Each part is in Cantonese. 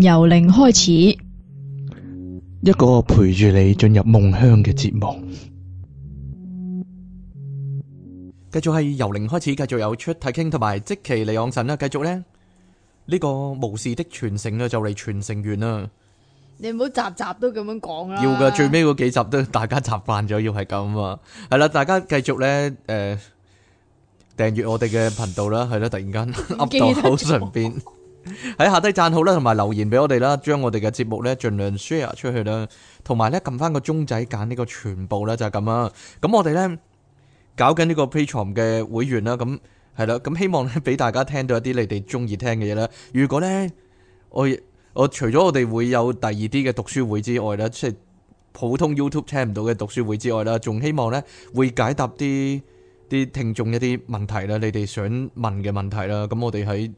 由零開始，一個陪住你進入夢鄉嘅節目，繼續係由零開始，繼續有出睇傾同埋即期李昂神啦，繼續咧呢、這個巫士的傳承咧就嚟傳承完啦，你唔好集集都咁樣講啦，要嘅最尾嗰幾集都大家習慣咗要係咁啊，係啦，大家繼續咧誒訂閱我哋嘅頻道啦，係啦， 突然間噏到好順便。喺下低讚好啦，同埋留言俾我哋啦，將我哋嘅節目咧盡量 share 出去啦，同埋咧撳翻個鐘仔，揀呢個全部啦就係咁啦。咁我哋咧搞緊呢個 Patreon 嘅會員啦，咁係啦，咁希望咧俾大家聽到一啲你哋中意聽嘅嘢啦。如果咧我我除咗我哋會有第二啲嘅讀書會之外咧，即係普通 YouTube 聽唔到嘅讀書會之外啦，仲希望咧會解答啲啲聽眾一啲問題啦，你哋想問嘅問題啦。咁我哋喺。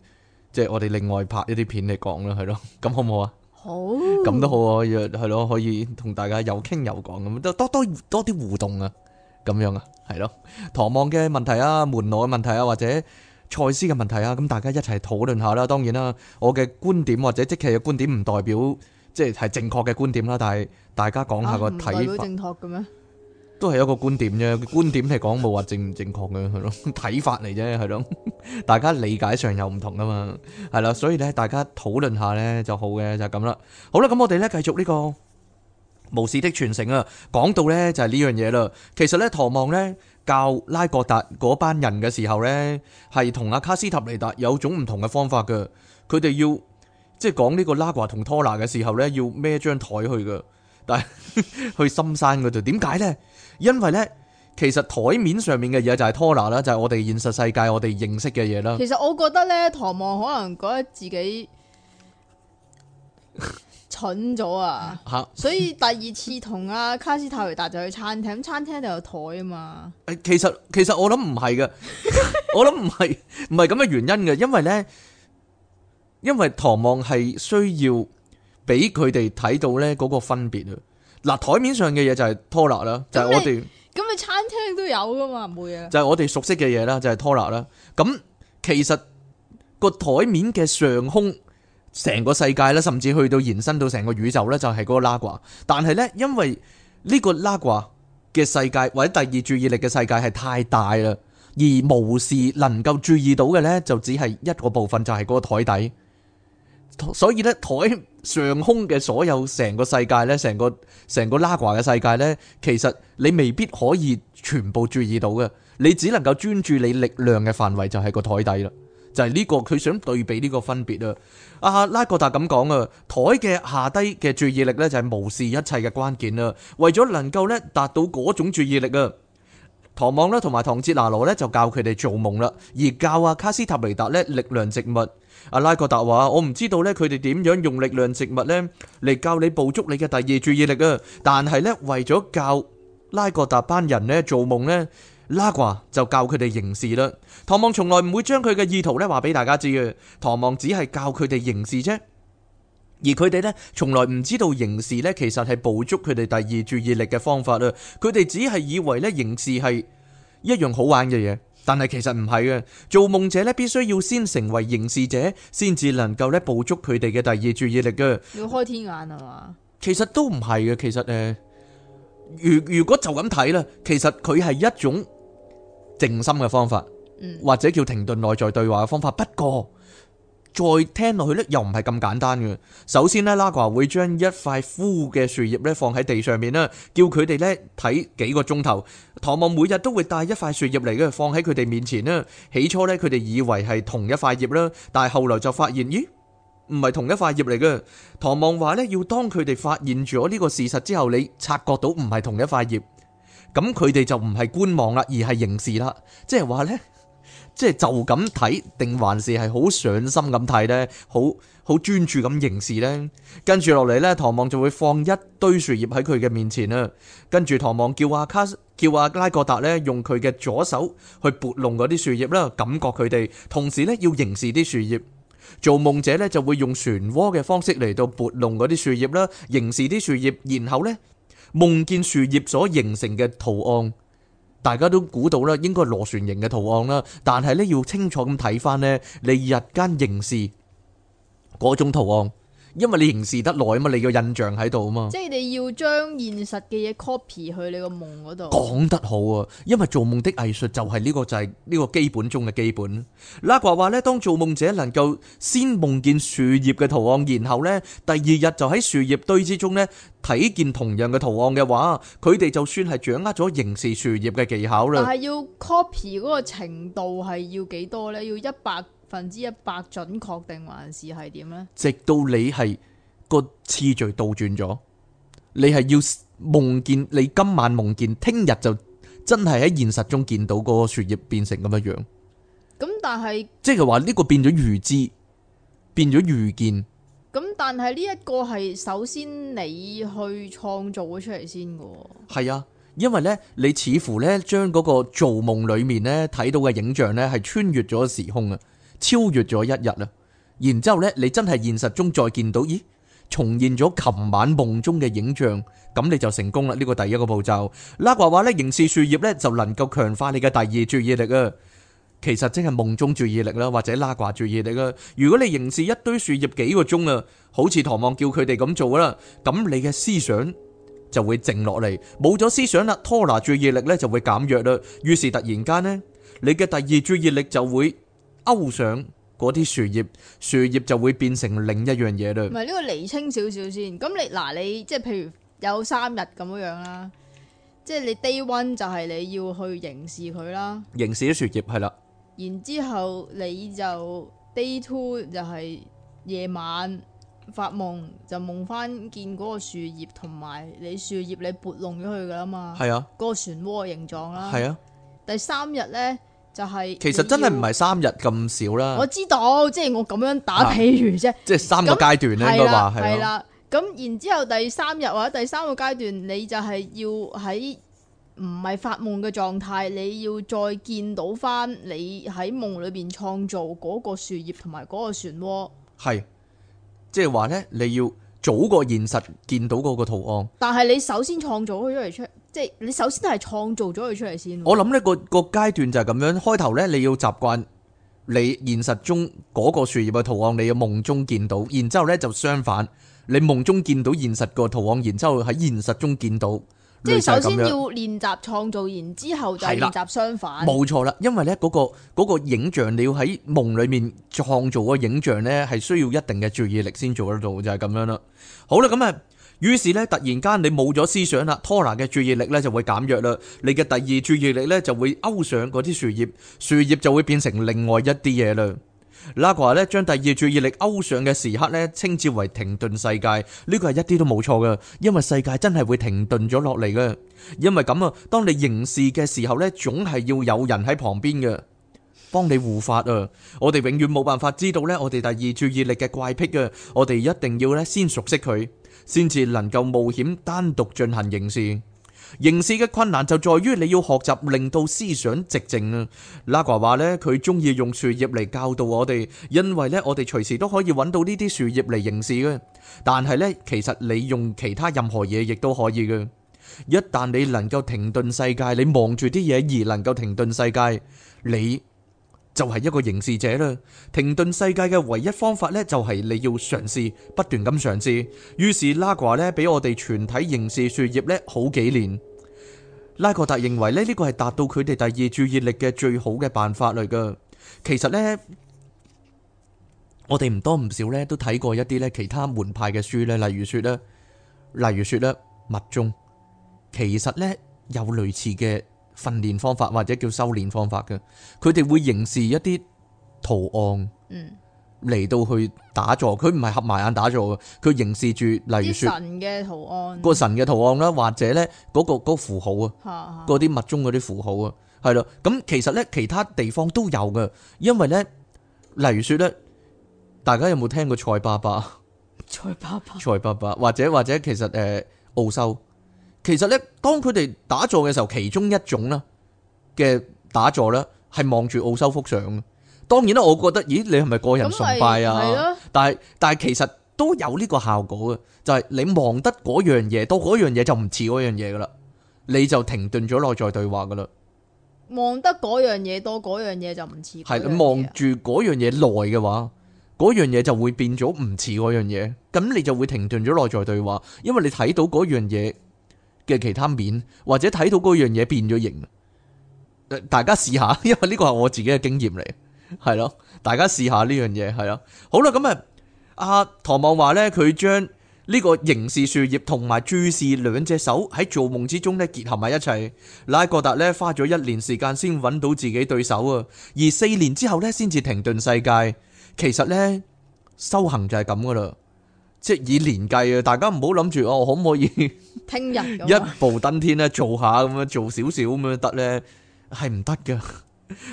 即係我哋另外拍一啲片嚟講啦，係咯，咁好唔好啊？好，咁都好啊，係咯，可以同大家有傾有講咁，都多多多啲互動啊，咁樣啊，係咯，唐望嘅問題啊，門內嘅問題啊，或者賽斯嘅問題啊，咁大家一齊討論下啦。當然啦，我嘅觀點或者即期嘅觀點唔代表即係係正確嘅觀點啦，但係大家講下個睇法、啊、唔代表正確嘅咩？都係一個觀點啫，觀點係講冇話正唔正確嘅，係咯睇法嚟啫，係咯，大家理解上有唔同噶嘛，係啦，所以咧大家討論下咧就好嘅，就係咁啦。好啦，咁我哋咧繼續呢個巫士的傳承啊，講到咧就係呢樣嘢啦。其實咧，唐望咧教拉各達嗰班人嘅時候咧，係同阿卡斯塔尼達有種唔同嘅方法嘅。佢哋要即係講呢個拉華同拖納嘅時候咧，要孭張台去嘅，但係 去深山嗰度，點解咧？因為呢，其實台面上面嘅嘢就係拖拿啦，就係我哋現實世界我哋認識嘅嘢啦。其實我覺得呢，唐望可能覺得自己 蠢咗啊，所以第二次同阿卡斯泰瑞達就去餐廳，餐廳就有台啊嘛其。其實其實我諗唔係嘅， 我諗唔係唔係咁嘅原因嘅，因為呢，因為唐望係需要俾佢哋睇到呢嗰個分別。嗱，台面上嘅嘢就係拖拿啦，就係我哋咁嘅餐廳都有噶嘛，唔會啊？就係我哋熟悉嘅嘢啦，就係拖拿啦。咁其實個台面嘅上，上空，成個世界咧，甚至去到延伸到成個宇宙咧，就係嗰個拉掛。但係咧，因為呢個拉掛嘅世界或者第二注意力嘅世界係太大啦，而巫士能夠注意到嘅咧，就只係一個部分，就係嗰個台底。所以咧，台上空嘅所有成個世界咧，成個成個拉掛嘅世界咧，其實你未必可以全部注意到嘅，你只能夠專注你力量嘅範圍就係個台底啦，就係呢個，佢想對比呢個分別啊。阿拉哥達咁講啊，台嘅下低嘅注意力咧就係無視一切嘅關鍵啦，為咗能夠咧達到嗰種注意力啊，唐望咧同埋唐哲拿羅咧就教佢哋做夢啦，而教阿卡斯塔尼達咧力量植物。阿拉各達話：我唔知道呢，佢哋點樣用力量植物呢嚟教你捕捉你嘅第二注意力啊！但係呢，為咗教拉各達班人呢做夢呢，拉瓜就教佢哋凝視啦。唐望從來唔會將佢嘅意圖呢話俾大家知嘅，唐望只係教佢哋凝視啫，而佢哋呢，從來唔知道凝視呢其實係捕捉佢哋第二注意力嘅方法啊。佢哋只係以為呢凝視係一樣好玩嘅嘢。但係其實唔係嘅，做夢者咧，必須要先成為凝視者，先至能夠咧捕捉佢哋嘅第二注意力嘅。要開天眼啊嘛？其實都唔係嘅，其實誒，如如果就咁睇啦，其實佢係一種靜心嘅方法，嗯、或者叫停頓內在對話嘅方法。不過。再聽落去咧，又唔係咁簡單嘅。首先咧，拉瓜會將一塊枯嘅樹葉咧放喺地上面啦，叫佢哋咧睇幾個鐘頭。唐望每日都會帶一塊樹葉嚟嘅，放喺佢哋面前啦。起初咧，佢哋以為係同一塊葉啦，但係後來就發現咦，唔係同一塊葉嚟嘅。唐望話咧，要當佢哋發現咗呢個事實之後，你察覺到唔係同一塊葉，咁佢哋就唔係觀望啦，而係凝視啦，即係話咧。即係就咁睇，定還是係好上心咁睇呢？好好專注咁凝視呢。跟住落嚟呢，唐望就會放一堆樹葉喺佢嘅面前啊。跟住唐望叫阿卡，叫阿拉各達呢，用佢嘅左手去撥弄嗰啲樹葉啦，感覺佢哋，同時呢，要凝視啲樹葉。做夢者呢，就會用漩渦嘅方式嚟到撥弄嗰啲樹葉啦，凝視啲樹葉，然後呢，夢見樹葉所形成嘅圖案。大家都估到啦，應該螺旋形嘅圖案啦，但係咧要清楚咁睇翻咧，你日間形勢嗰種圖案。因為你凝視得耐啊嘛，你個印象喺度啊嘛，即係你要將現實嘅嘢 copy 去你個夢嗰度。講得好啊，因為做夢的藝術就係呢個就係呢個基本中嘅基本。拉華話咧，當做夢者能夠先夢見樹葉嘅圖案，然後咧第二日就喺樹葉堆之中咧睇見同樣嘅圖案嘅話，佢哋就算係掌握咗凝視樹葉嘅技巧啦。但係要 copy 嗰個程度係要幾多咧？要一百？百分之一百準確定還是係點呢？直到你係個次序倒轉咗，你係要夢見你今晚夢見，聽日就真係喺現實中見到嗰個樹葉變成咁樣樣。咁但係即係話呢個變咗預知，變咗預見。咁但係呢一個係首先你去創造咗出嚟先嘅。係啊，因為呢，你似乎呢將嗰個做夢裡面呢睇到嘅影像呢係穿越咗時空啊！超越咗一日啦，然之後咧，你真係現實中再見到，咦，重現咗琴晚夢中嘅影像，咁你就成功啦。呢個第一個步驟，拉掛話咧，凝視樹葉咧就能夠強化你嘅第二注意力啊。其實真係夢中注意力啦，或者拉掛注意力啊。如果你凝視一堆樹葉幾個鐘啊，好似唐望叫佢哋咁做啦，咁你嘅思想就會靜落嚟，冇咗思想啦，拖拿注意力咧就會減弱啦。於是突然間咧，你嘅第二注意力就會。勾上嗰啲樹葉，樹葉就會變成另一樣嘢啦。唔係呢個厘清少少先。咁你嗱，你即係譬如有三日咁樣樣啦，即係你 day one 就係你要去凝視佢啦，凝視咗樹葉係啦。然之後你就 day two 就係夜晚發夢，就夢翻見嗰個樹葉同埋你樹葉你撥弄咗佢噶嘛。係啊的，個漩渦形狀啦。係啊的，第三日咧。就係其實真係唔係三日咁少啦，我知道，即係我咁樣打、啊、譬如啫，即係三個階段咧，那應該話係啦。咁然之後第三日或者第三個階段，你就係要喺唔係發夢嘅狀態，你要再見到返你喺夢裏邊創造嗰個樹葉同埋嗰個漩渦，係即係話呢，你要。早過現實見到嗰個圖案，但係你首先創造咗佢出，即係你首先係創造咗佢出嚟先。我諗呢個個階段就係咁樣，開頭呢，你要習慣你現實中嗰個樹葉嘅圖案，你要夢中見到，然之後呢，就相反，你夢中見到現實個圖案，然之後喺現實中見到。即係首先要練習創造，然之後就練習相反。冇錯啦，因為咧嗰個嗰個影像，你要喺夢裏面創造嗰個影像咧，係需要一定嘅注意力先做得到，就係咁樣啦。好啦，咁啊，於是咧突然間你冇咗思想啦，拖拿嘅注意力咧就會減弱啦，你嘅第二注意力咧就會勾上嗰啲樹葉，樹葉就會變成另外一啲嘢啦。拉格話咧，將第二注意力勾上嘅時刻咧，稱之為停頓世界。呢個係一啲都冇錯嘅，因為世界真係會停頓咗落嚟嘅。因為咁啊，當你凝視嘅時候咧，總係要有人喺旁邊嘅，幫你護法啊。我哋永遠冇辦法知道咧，我哋第二注意力嘅怪癖啊。我哋一定要咧先熟悉佢，先至能夠冒險單獨進行凝視。凝視嘅困難就在於你要學習令到思想寂靜啊。拉華話呢，佢中意用樹葉嚟教導我哋，因為呢，我哋隨時都可以揾到呢啲樹葉嚟凝視嘅。但係呢，其實你用其他任何嘢亦都可以嘅。一旦你能夠停頓世界，你望住啲嘢而能夠停頓世界，你就係一個凝視者啦。停頓世界嘅唯一方法呢，就係你要嘗試，不斷咁嘗試。於是拉華呢，俾我哋全體凝視樹葉呢好幾年。拉格達認為呢，呢個係達到佢哋第二注意力嘅最好嘅辦法嚟噶。其實呢，我哋唔多唔少呢都睇過一啲呢其他門派嘅書呢，例如說呢，例如說呢，密宗，其實呢，有類似嘅。訓練方法或者叫修煉方法嘅，佢哋會凝視一啲圖案嚟到去打坐，佢唔係合埋眼打坐嘅，佢凝視住，例如說神嘅圖案，個神嘅圖案啦，或者咧嗰個嗰個符號啊，嗰啲密宗嗰啲符號啊，係咯，咁其實咧其他地方都有嘅，因為咧，例如說咧，大家有冇聽過蔡伯伯？蔡伯伯，蔡爸爸，或者或者其實誒，奧修。其實咧，當佢哋打坐嘅時候，其中一種啦嘅打坐啦，係望住奧修幅相。當然啦，我覺得，咦，你係咪個人崇拜啊？但係但係，其實都有呢個效果嘅，就係你望得嗰樣嘢多，嗰樣嘢就唔似嗰樣嘢噶啦，你就停頓咗內在對話噶啦。望得嗰樣嘢多，嗰樣嘢就唔似。係你望住嗰樣嘢耐嘅話，嗰樣嘢就會變咗唔似嗰樣嘢。咁你就會停頓咗內在對話，因為你睇到嗰樣嘢。嘅其他面，或者睇到嗰樣嘢變咗形，大家試下，因為呢個係我自己嘅經驗嚟，係咯，大家試下呢樣嘢，係咯，好啦，咁啊，阿唐望話咧，佢將呢個凝視樹葉同埋注視兩隻手喺做夢之中咧結合埋一齊，拉格達咧花咗一年時間先揾到自己對手啊，而四年之後咧先至停頓世界，其實咧修行就係咁噶啦。即係以年計啊！大家唔好諗住哦，可唔可以聽日一步登天咧？做下咁樣，做少少咁樣得咧，係唔得嘅。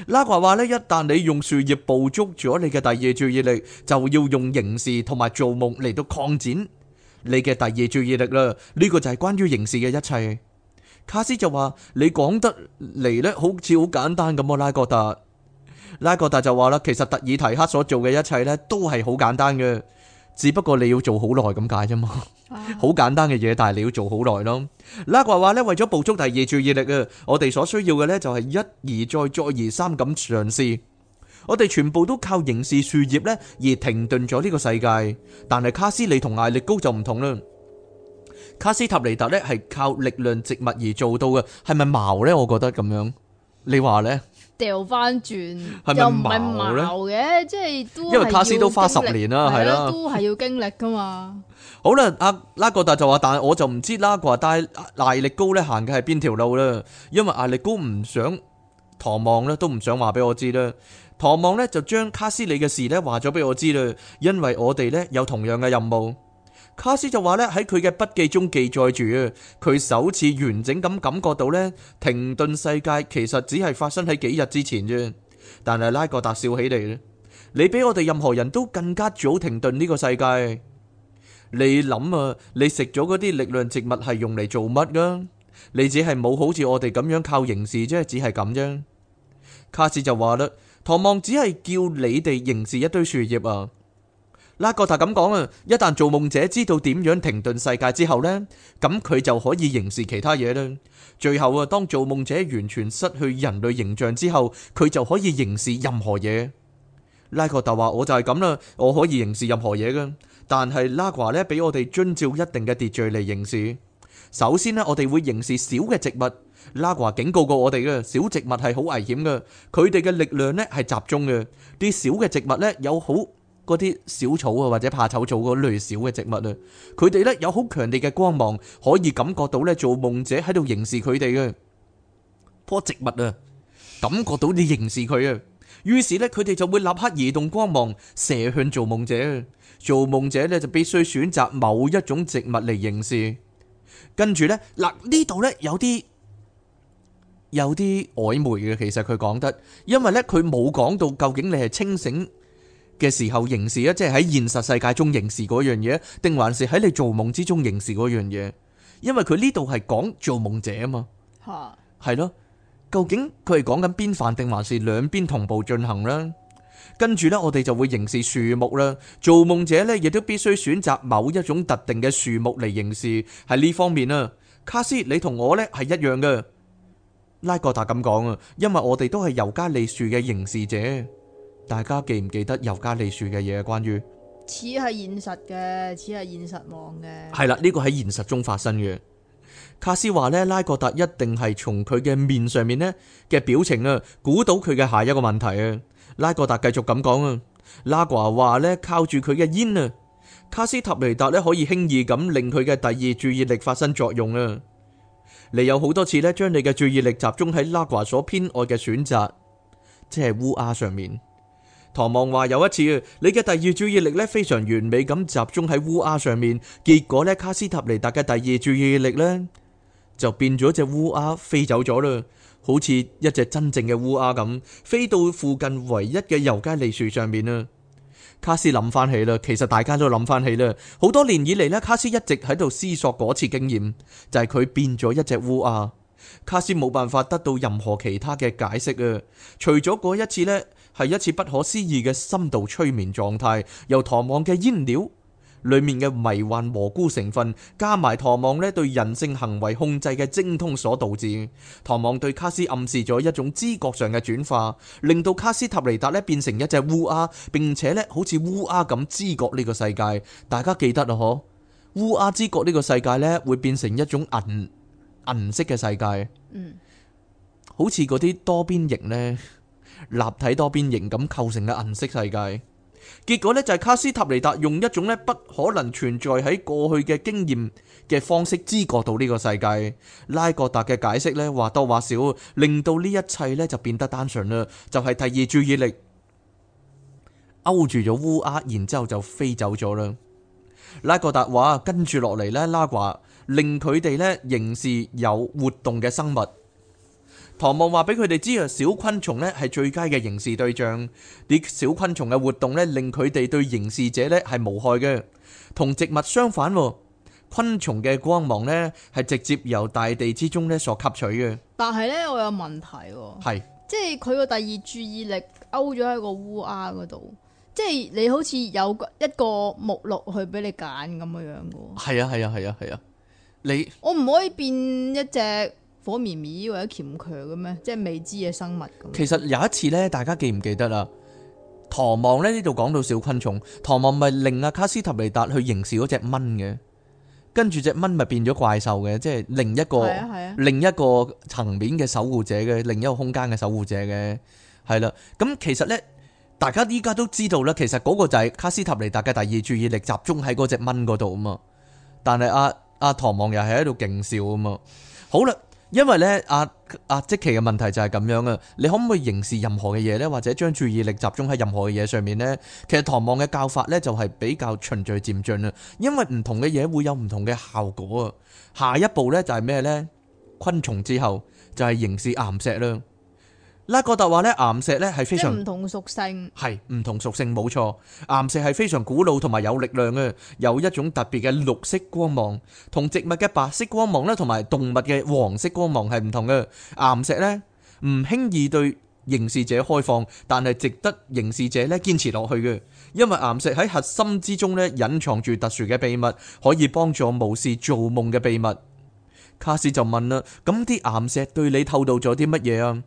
拉格達話咧，一旦你用樹葉捕捉咗你嘅第二注意力，就要用凝視同埋做夢嚟到擴展你嘅第二注意力啦。呢個就係關於凝視嘅一切。卡斯就話：你講得嚟咧，好似好簡單咁。拉格達，拉格達就話啦，其實特爾提克所做嘅一切咧，都係好簡單嘅。只不過你要做好耐咁解啫嘛，好簡單嘅嘢，但係你要做好耐咯。拉呱話咧，為咗捕捉第二注意力啊，我哋所需要嘅咧就係一而再，再而三咁嘗試。我哋全部都靠凝視樹葉咧而停頓咗呢個世界，但係卡斯利同艾力高就唔同啦。卡斯塔尼達咧係靠力量植物而做到嘅，係咪矛咧？我覺得咁樣，你話咧？掉翻轉，又唔係矛咧，即係都因為卡斯都花十年啦，係啦為，都係要經歷噶、啊、嘛。好啦，阿、啊、拉哥達就話，但係我就唔知啦。佢話但係艾力高咧行嘅係邊條路啦，因為艾力高唔想唐望咧，都唔想話俾我知啦。唐望咧就將卡斯里嘅事咧話咗俾我知啦，因為我哋咧有同樣嘅任務。卡斯就話呢，喺佢嘅筆記中記載住，佢首次完整咁感覺到呢，停頓世界其實只係發生喺幾日之前啫。但係拉格達笑起嚟咧，你比我哋任何人都更加早停頓呢個世界。你諗啊，你食咗嗰啲力量植物係用嚟做乜㗎？你只係冇好似我哋咁樣靠凝視啫，只係咁啫。卡斯就話嘞，唐望只係叫你哋凝視一堆樹葉啊。拉哥特咁講啊，一旦做夢者知道點樣停頓世界之後咧，咁佢就可以凝視其他嘢啦。最後啊，當做夢者完全失去人類形象之後，佢就可以凝視任何嘢。拉哥特話：我就係咁啦，我可以凝視任何嘢噶。但係拉華咧，俾我哋遵照一定嘅秩序嚟凝視。首先咧，我哋會凝視小嘅植物。拉華警告過我哋嘅，小植物係好危險噶，佢哋嘅力量咧係集中嘅。啲小嘅植物咧有好。嗰啲小草啊，或者怕醜草嗰類小嘅植物啊，佢哋呢有好強烈嘅光芒，可以感覺到呢做夢者喺度凝視佢哋嘅棵植物啊，感覺到你凝視佢啊，於是呢佢哋就會立刻移動光芒射向做夢者。做夢者呢就必須選擇某一種植物嚟凝視，跟住呢，嗱，呢度呢有啲有啲曖昧嘅，其實佢講得，因為呢佢冇講到究竟你係清醒。嘅時候凝視啊，即係喺現實世界中凝視嗰樣嘢，定還是喺你做夢之中凝視嗰樣嘢？因為佢呢度係講做夢者啊嘛，係咯、啊？究竟佢係講緊邊範，定還是兩邊同步進行咧？跟住呢，我哋就會凝視樹木啦。做夢者呢，亦都必須選擇某一種特定嘅樹木嚟凝視，喺呢方面啊。卡斯，你同我呢，係一樣嘅，拉哥達咁講啊，因為我哋都係尤加利樹嘅凝視者。大家記唔記得尤加利樹嘅嘢？關於似係現實嘅，似係現實望嘅係啦。呢個喺現實中發生嘅。卡斯話呢，拉格達一定係從佢嘅面上面呢嘅表情啊，估到佢嘅下一個問題啊。拉格達繼續咁講啊，拉華話咧，靠住佢嘅煙啊，卡斯塔雷達呢，可以輕易咁令佢嘅第二注意力發生作用啊。你有好多次呢，將你嘅注意力集中喺拉華所偏愛嘅選擇，即係烏鴉上面。唐望話：有一次，你嘅第二注意力咧非常完美咁集中喺烏鴉上面，結果咧卡斯塔尼達嘅第二注意力咧就變咗隻烏鴉飛走咗啦，好似一隻真正嘅烏鴉咁，飛到附近唯一嘅尤加利樹上面啦。卡斯諗翻起啦，其實大家都諗翻起啦，好多年以嚟咧，卡斯一直喺度思索嗰次經驗，就係、是、佢變咗一隻烏鴉。卡斯冇辦法得到任何其他嘅解釋啊，除咗嗰一次呢。係一次不可思議嘅深度催眠狀態，由唐望嘅煙料裏面嘅迷幻蘑菇成分加埋唐望呢對人性行為控制嘅精通所導致。唐望對卡斯暗示咗一種知覺上嘅轉化，令到卡斯塔尼達呢變成一隻烏鴉，並且呢好似烏鴉咁知覺呢個世界。大家記得啊，嗬，烏鴉知覺呢個世界呢會變成一種銀銀色嘅世界，嗯，好似嗰啲多邊形呢。立體多邊形咁構成嘅銀色世界，結果呢就係卡斯塔尼達用一種咧不可能存在喺過去嘅經驗嘅方式，知覺到呢個世界。拉各達嘅解釋呢話多話少，令到呢一切呢就變得單純啦。就係第二注意力勾住咗烏鴉，然之後就飛走咗啦。拉各達話，跟住落嚟呢，拉話令佢哋呢仍是有活動嘅生物。唐望話俾佢哋知啊，小昆蟲呢係最佳嘅凝視對象。啲小昆蟲嘅活動呢，令佢哋對凝視者呢係無害嘅，同植物相反。昆蟲嘅光芒呢係直接由大地之中呢所吸取嘅。但係呢，我有問題。係是即係佢個第二注意力勾咗喺個烏鴉嗰度，即係你好似有一個目錄去俾你揀咁樣樣嘅。係啊係啊係啊係啊，你我唔可以變一隻。火綿綿或者鉗強嘅咩？即係未知嘅生物。其實有一次呢，大家記唔記得啦？唐望咧呢度講到小昆蟲，唐望咪令阿卡斯塔利達去凝視嗰隻蚊嘅，跟住隻蚊咪變咗怪獸嘅，即係另一個、啊啊、另一個層面嘅守護者嘅，另一個空間嘅守護者嘅，係啦。咁、嗯、其實呢，大家依家都知道啦，其實嗰個就係卡斯塔利達嘅第二注意力集中喺嗰隻蚊嗰度啊嘛。但係阿阿唐望又係喺度勁笑啊嘛。好啦。好因為咧，阿、啊、阿、啊、即期嘅問題就係咁樣啊，你可唔可以凝視任何嘅嘢呢？或者將注意力集中喺任何嘅嘢上面呢？其實唐望嘅教法呢，就係、是、比較循序漸進啦，因為唔同嘅嘢會有唔同嘅效果啊。下一步呢，就係、是、咩呢？昆蟲之後就係凝視岩石啦。拉哥特話咧，岩石咧係非常，即係唔同屬性，係唔同屬性，冇錯。岩石係非常古老同埋有力量嘅，有一種特別嘅綠色光芒，同植物嘅白色光芒咧，同埋動物嘅黃色光芒係唔同嘅。岩石咧唔輕易對凝視者開放，但係值得凝視者咧堅持落去嘅，因為岩石喺核心之中咧隱藏住特殊嘅秘密，可以幫助巫士做夢嘅秘密。卡斯就問啦，咁啲岩石對你透露咗啲乜嘢啊？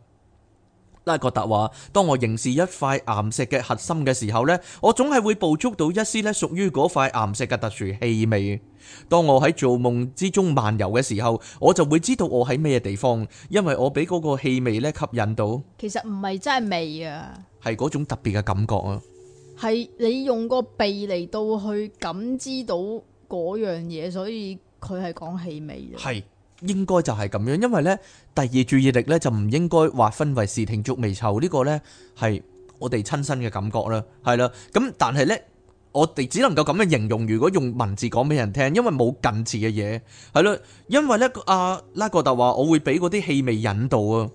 拉格特話，當我凝視一塊岩石嘅核心嘅時候呢，我總係會捕捉到一絲咧屬於嗰塊岩石嘅特殊氣味。當我喺做夢之中漫遊嘅時候，我就會知道我喺咩地方，因為我俾嗰個氣味咧吸引到。其實唔係真係味啊，係嗰種特別嘅感覺啊，係你用個鼻嚟到去感知到嗰樣嘢，所以佢係講氣味。係。應該就係咁樣，因為咧，第二注意力咧就唔應該劃分為視聽觸味嗅呢個咧，係我哋親身嘅感覺啦，係啦。咁但係咧，我哋只能夠咁樣形容，如果用文字講俾人聽，因為冇近似嘅嘢，係咯。因為咧，阿拉各達話，我會俾嗰啲氣味引導啊。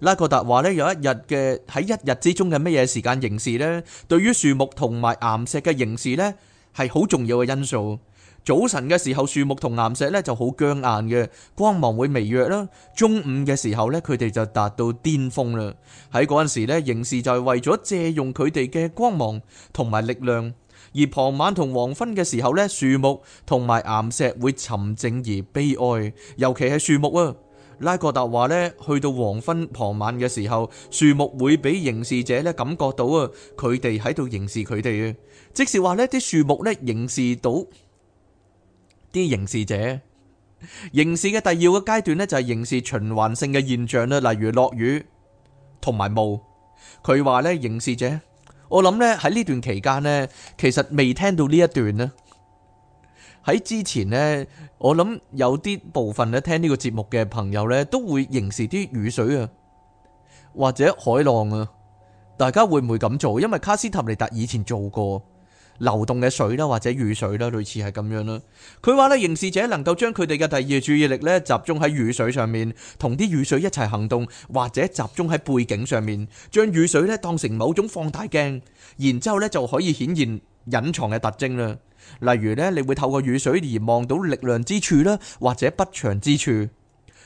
拉各達話咧，有一日嘅，喺一日之中嘅乜嘢時間凝視咧，對於樹木同埋岩石嘅凝視咧，係好重要嘅因素。早晨嘅時候，樹木同岩石咧就好僵硬嘅，光芒會微弱啦。中午嘅時候咧，佢哋就達到巔峰啦。喺嗰陣時咧，凝視就係為咗借用佢哋嘅光芒同埋力量。而傍晚同黃昏嘅時候咧，樹木同埋岩石會沉靜而悲哀，尤其係樹木啊。拉各達話咧，去到黃昏傍晚嘅時候，樹木會俾凝視者咧感覺到啊，佢哋喺度凝視佢哋啊，即是話呢啲樹木咧凝視到。啲凝視者，凝視嘅第二個階段呢，就係凝視循環性嘅現象啦，例如落雨同埋霧。佢話呢，凝視者，我諗呢，喺呢段期間呢，其實未聽到呢一段呢喺之前呢，我諗有啲部分呢，聽呢個節目嘅朋友呢，都會凝視啲雨水啊，或者海浪啊，大家會唔會咁做？因為卡斯塔尼達以前做過。流動嘅水啦，或者雨水啦，類似係咁樣啦。佢話咧，凝視者能夠將佢哋嘅第二注意力咧集中喺雨水上面，同啲雨水一齊行動，或者集中喺背景上面，將雨水咧當成某種放大鏡，然之後咧就可以顯現隱藏嘅特徵啦。例如咧，你會透過雨水而望到力量之處啦，或者不祥之處，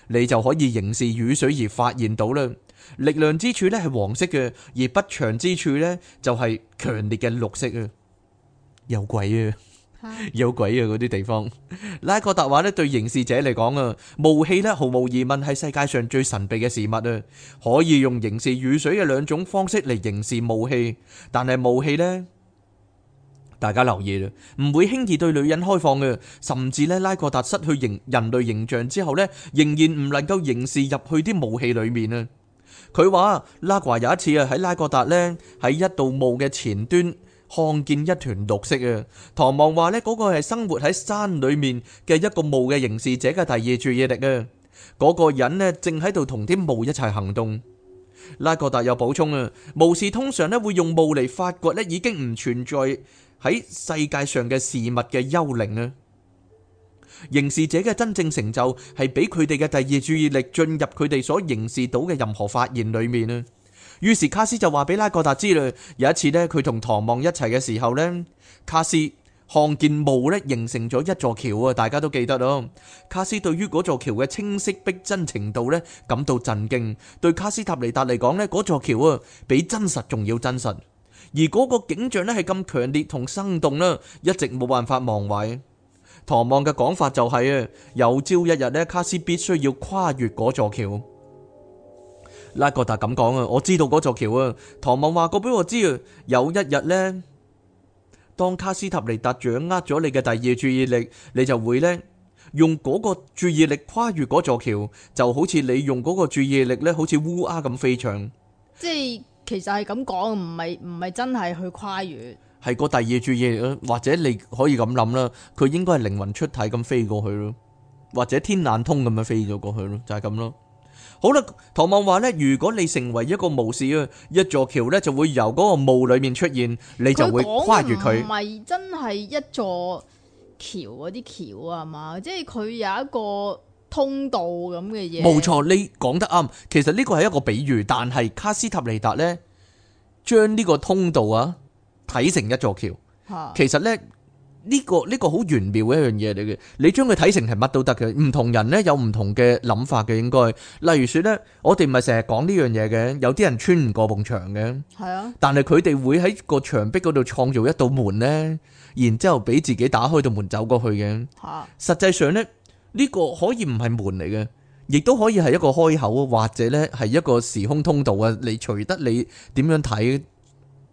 你就可以凝視雨水而發現到啦。力量之處咧係黃色嘅，而不祥之處咧就係強烈嘅綠色啊。有鬼啊！有鬼啊！嗰啲地方，拉格達話咧，對凝視者嚟講啊，霧氣咧毫無疑問係世界上最神秘嘅事物啊！可以用凝視雨水嘅兩種方式嚟凝視霧氣，但係霧氣咧，大家留意啦，唔會輕易對女人開放嘅，甚至咧，拉格達失去形人類形象之後咧，仍然唔能夠凝視入去啲霧氣裏面啊！佢話拉華有一次啊，喺拉格達咧喺一道霧嘅前端。看見一團綠色啊！唐望話咧，嗰個係生活喺山裏面嘅一個霧嘅凝視者嘅第二注意力啊！嗰個人咧正喺度同啲霧一齊行動。拉各達又補充啊，巫士通常咧會用霧嚟發掘咧已經唔存在喺世界上嘅事物嘅幽靈啊！凝視者嘅真正成就係俾佢哋嘅第二注意力進入佢哋所凝視到嘅任何發現裏面啊！於是卡斯就話俾拉各達知啦，有一次呢，佢同唐望一齊嘅時候呢，卡斯看見霧呢，形成咗一座橋啊！大家都記得咯。卡斯對於嗰座橋嘅清晰逼真程度呢，感到震驚，對卡斯塔尼達嚟講呢，嗰座橋啊，比真實仲要真實，而嗰個景象呢，係咁強烈同生動啦，一直冇辦法忘懷。唐望嘅講法就係啊，有朝一日呢，卡斯必須要跨越嗰座橋。拉哥達咁講啊，我知道嗰座橋啊。唐望話過俾我知，啊，有一日呢，當卡斯塔尼達掌握咗你嘅第二注意力，你就會呢，用嗰個注意力跨越嗰座橋，就好似你用嗰個注意力呢，好似烏鴉咁飛翔。即係其實係咁講，唔係唔係真係去跨越，係個第二注意力，或者你可以咁諗啦，佢應該係靈魂出體咁飛過去咯，或者天眼通咁樣飛咗過去咯，就係咁咯。好啦，唐望話咧，如果你成為一個巫士啊，一座橋咧就會由嗰個霧裏面出現，你就會跨越佢。唔係真係一座橋嗰啲橋啊嘛，即係佢有一個通道咁嘅嘢。冇錯，你講得啱。其實呢個係一個比喻，但係卡斯塔利達呢，將呢個通道啊睇成一座橋。吓，其實呢。呢、個呢個好玄妙嘅一樣嘢嚟嘅，你將佢睇成係乜都得嘅，唔同人呢有唔同嘅諗法嘅應該。例如說呢，我哋唔係成日講呢樣嘢嘅，有啲人穿唔過牆嘅，係啊，但係佢哋會喺個牆壁嗰度創造一道門呢，然之後俾自己打開道門走過去嘅。嚇，實際上呢，呢個可以唔係門嚟嘅，亦都可以係一個開口，或者呢係一個時空通道啊！你隨得你點樣睇。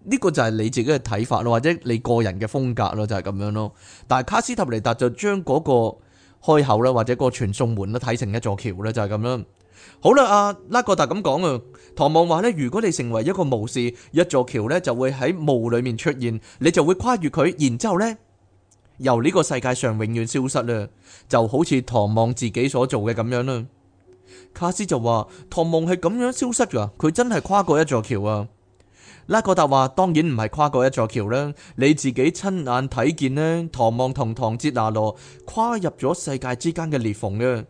呢個就係你自己嘅睇法咯，或者你個人嘅風格咯，就係、是、咁樣咯。但係卡斯塔尼達就將嗰個開口啦，或者個傳送門都睇成一座橋啦，就係咁樣。好啦，阿、啊、拉國達咁講啊，唐望話呢，如果你成為一個巫士，一座橋呢，就會喺霧裏面出現，你就會跨越佢，然之後呢，由呢個世界上永遠消失啦，就好似唐望自己所做嘅咁樣啦。卡斯就話唐望係咁樣消失噶，佢真係跨過一座橋啊！拉哥達話：當然唔係跨過一座橋啦，你自己親眼睇見咧，唐望同唐哲拿羅跨入咗世界之間嘅裂縫嘅。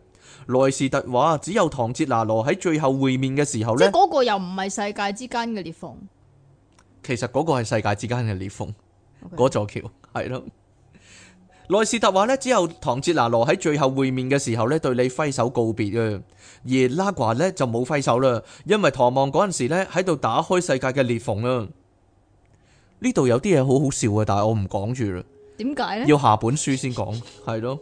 萊士特話：只有唐哲拿羅喺最後會面嘅時候呢，即個又唔係世界之間嘅裂縫。其實嗰個係世界之間嘅裂縫，嗰 Okay. 座橋係咯。內斯特話呢，只有唐哲拿羅喺最後會面嘅時候呢，對你揮手告別啊，而拉掛呢就冇揮手啦，因為唐望嗰陣時呢喺度打開世界嘅裂縫啊。呢度有啲嘢好好笑啊，但係我唔講住啦。點解呢？要下本書先講，係咯。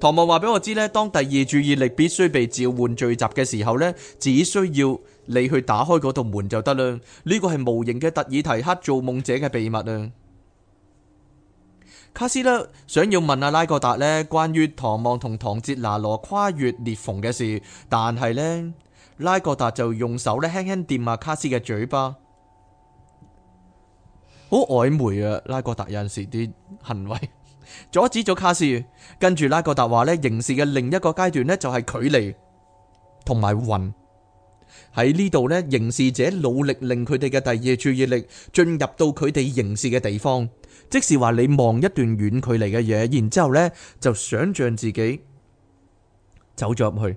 唐望話俾我知呢，當第二注意力必須被召喚聚集嘅時候呢，只需要你去打開嗰道門就得啦。呢個係無形嘅特爾提克造夢者嘅秘密啊！卡斯呢，想要問阿拉格達呢關於唐望同唐哲拿羅跨越裂縫嘅事，但係呢，拉格達就用手咧輕輕掂下卡斯嘅嘴巴，好曖昧啊！拉格達有陣時啲行為阻止咗卡斯，跟住拉格達話呢，凝視嘅另一個階段呢，就係距離同埋雲。喺呢度呢，凝視者努力令佢哋嘅第二注意力進入到佢哋凝視嘅地方。即是話你望一段遠距離嘅嘢，然之後咧就想象自己走咗入去，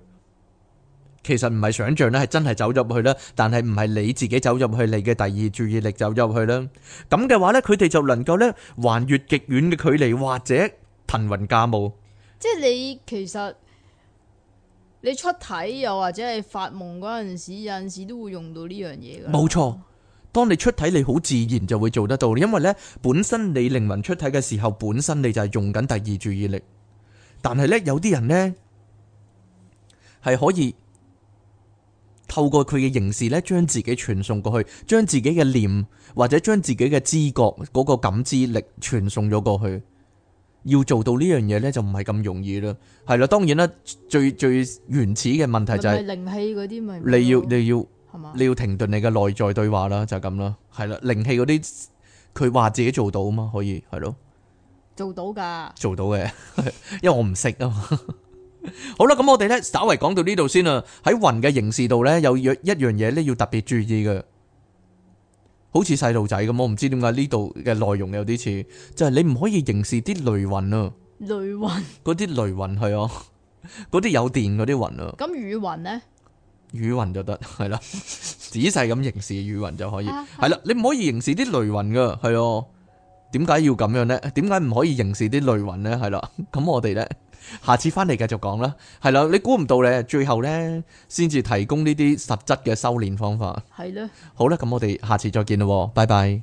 其實唔係想象啦，係真係走入去啦。但係唔係你自己走入去，你嘅第二注意力走入去啦。咁嘅話咧，佢哋就能夠咧橫越極遠嘅距離，或者騰雲駕霧。即係你其實你出體又或者係發夢嗰陣時，有陣時都會用到呢樣嘢噶啦。冇錯。當你出體，你好自然就會做得到，因為呢，本身你靈魂出體嘅時候，本身你就係用緊第二注意力。但係呢，有啲人呢係可以透過佢嘅形式呢，將自己傳送過去，將自己嘅念或者將自己嘅知覺嗰個感知力傳送咗過去。要做到呢樣嘢呢，就唔係咁容易啦。係啦，當然啦，最最原始嘅問題就係靈氣啲，你要你要。你要停頓你嘅內在對話啦，就係咁啦，係啦，靈氣嗰啲佢話自己做到啊嘛，可以係咯，做到噶，做到嘅，因為我唔識啊嘛。好啦，咁我哋咧，稍微講到呢度先啦。喺雲嘅凝視度咧，有約一樣嘢咧，要特別注意嘅，好似細路仔咁，我唔知點解呢度嘅內容有啲似，就係你唔可以凝視啲雷雲啊，雷雲，嗰啲雷雲係哦，嗰啲有電嗰啲雲啊。咁雨雲咧？雨雲就得，係啦，仔細咁凝視雨雲就可以，係啦，你唔可以凝視啲雷雲噶，係哦。點解要咁樣呢？點解唔可以凝視啲雷雲呢？係啦，咁我哋呢，下次翻嚟繼續講啦，係啦，你估唔到你最後呢，先至提供呢啲實質嘅修煉方法，係咯。好啦，咁我哋下次再見啦，拜拜。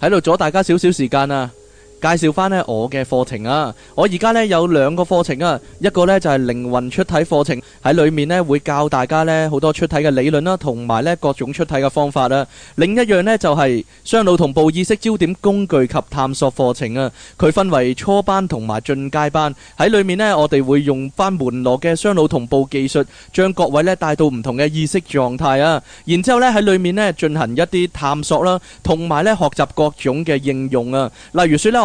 喺度阻大家少少時間啊！介紹翻咧我嘅課程啊！我而家咧有兩個課程啊，一個咧就係靈魂出體課程，喺裡面咧會教大家咧好多出體嘅理論啦，同埋咧各種出體嘅方法啦。另一樣咧就係雙腦同步意識焦點工具及探索課程啊。佢分為初班同埋進階班，喺裡面咧我哋會用翻門羅嘅雙腦同步技術，將各位咧帶到唔同嘅意識狀態啊。然之後咧喺裡面咧進行一啲探索啦，同埋咧學習各種嘅應用啊。例如説咧。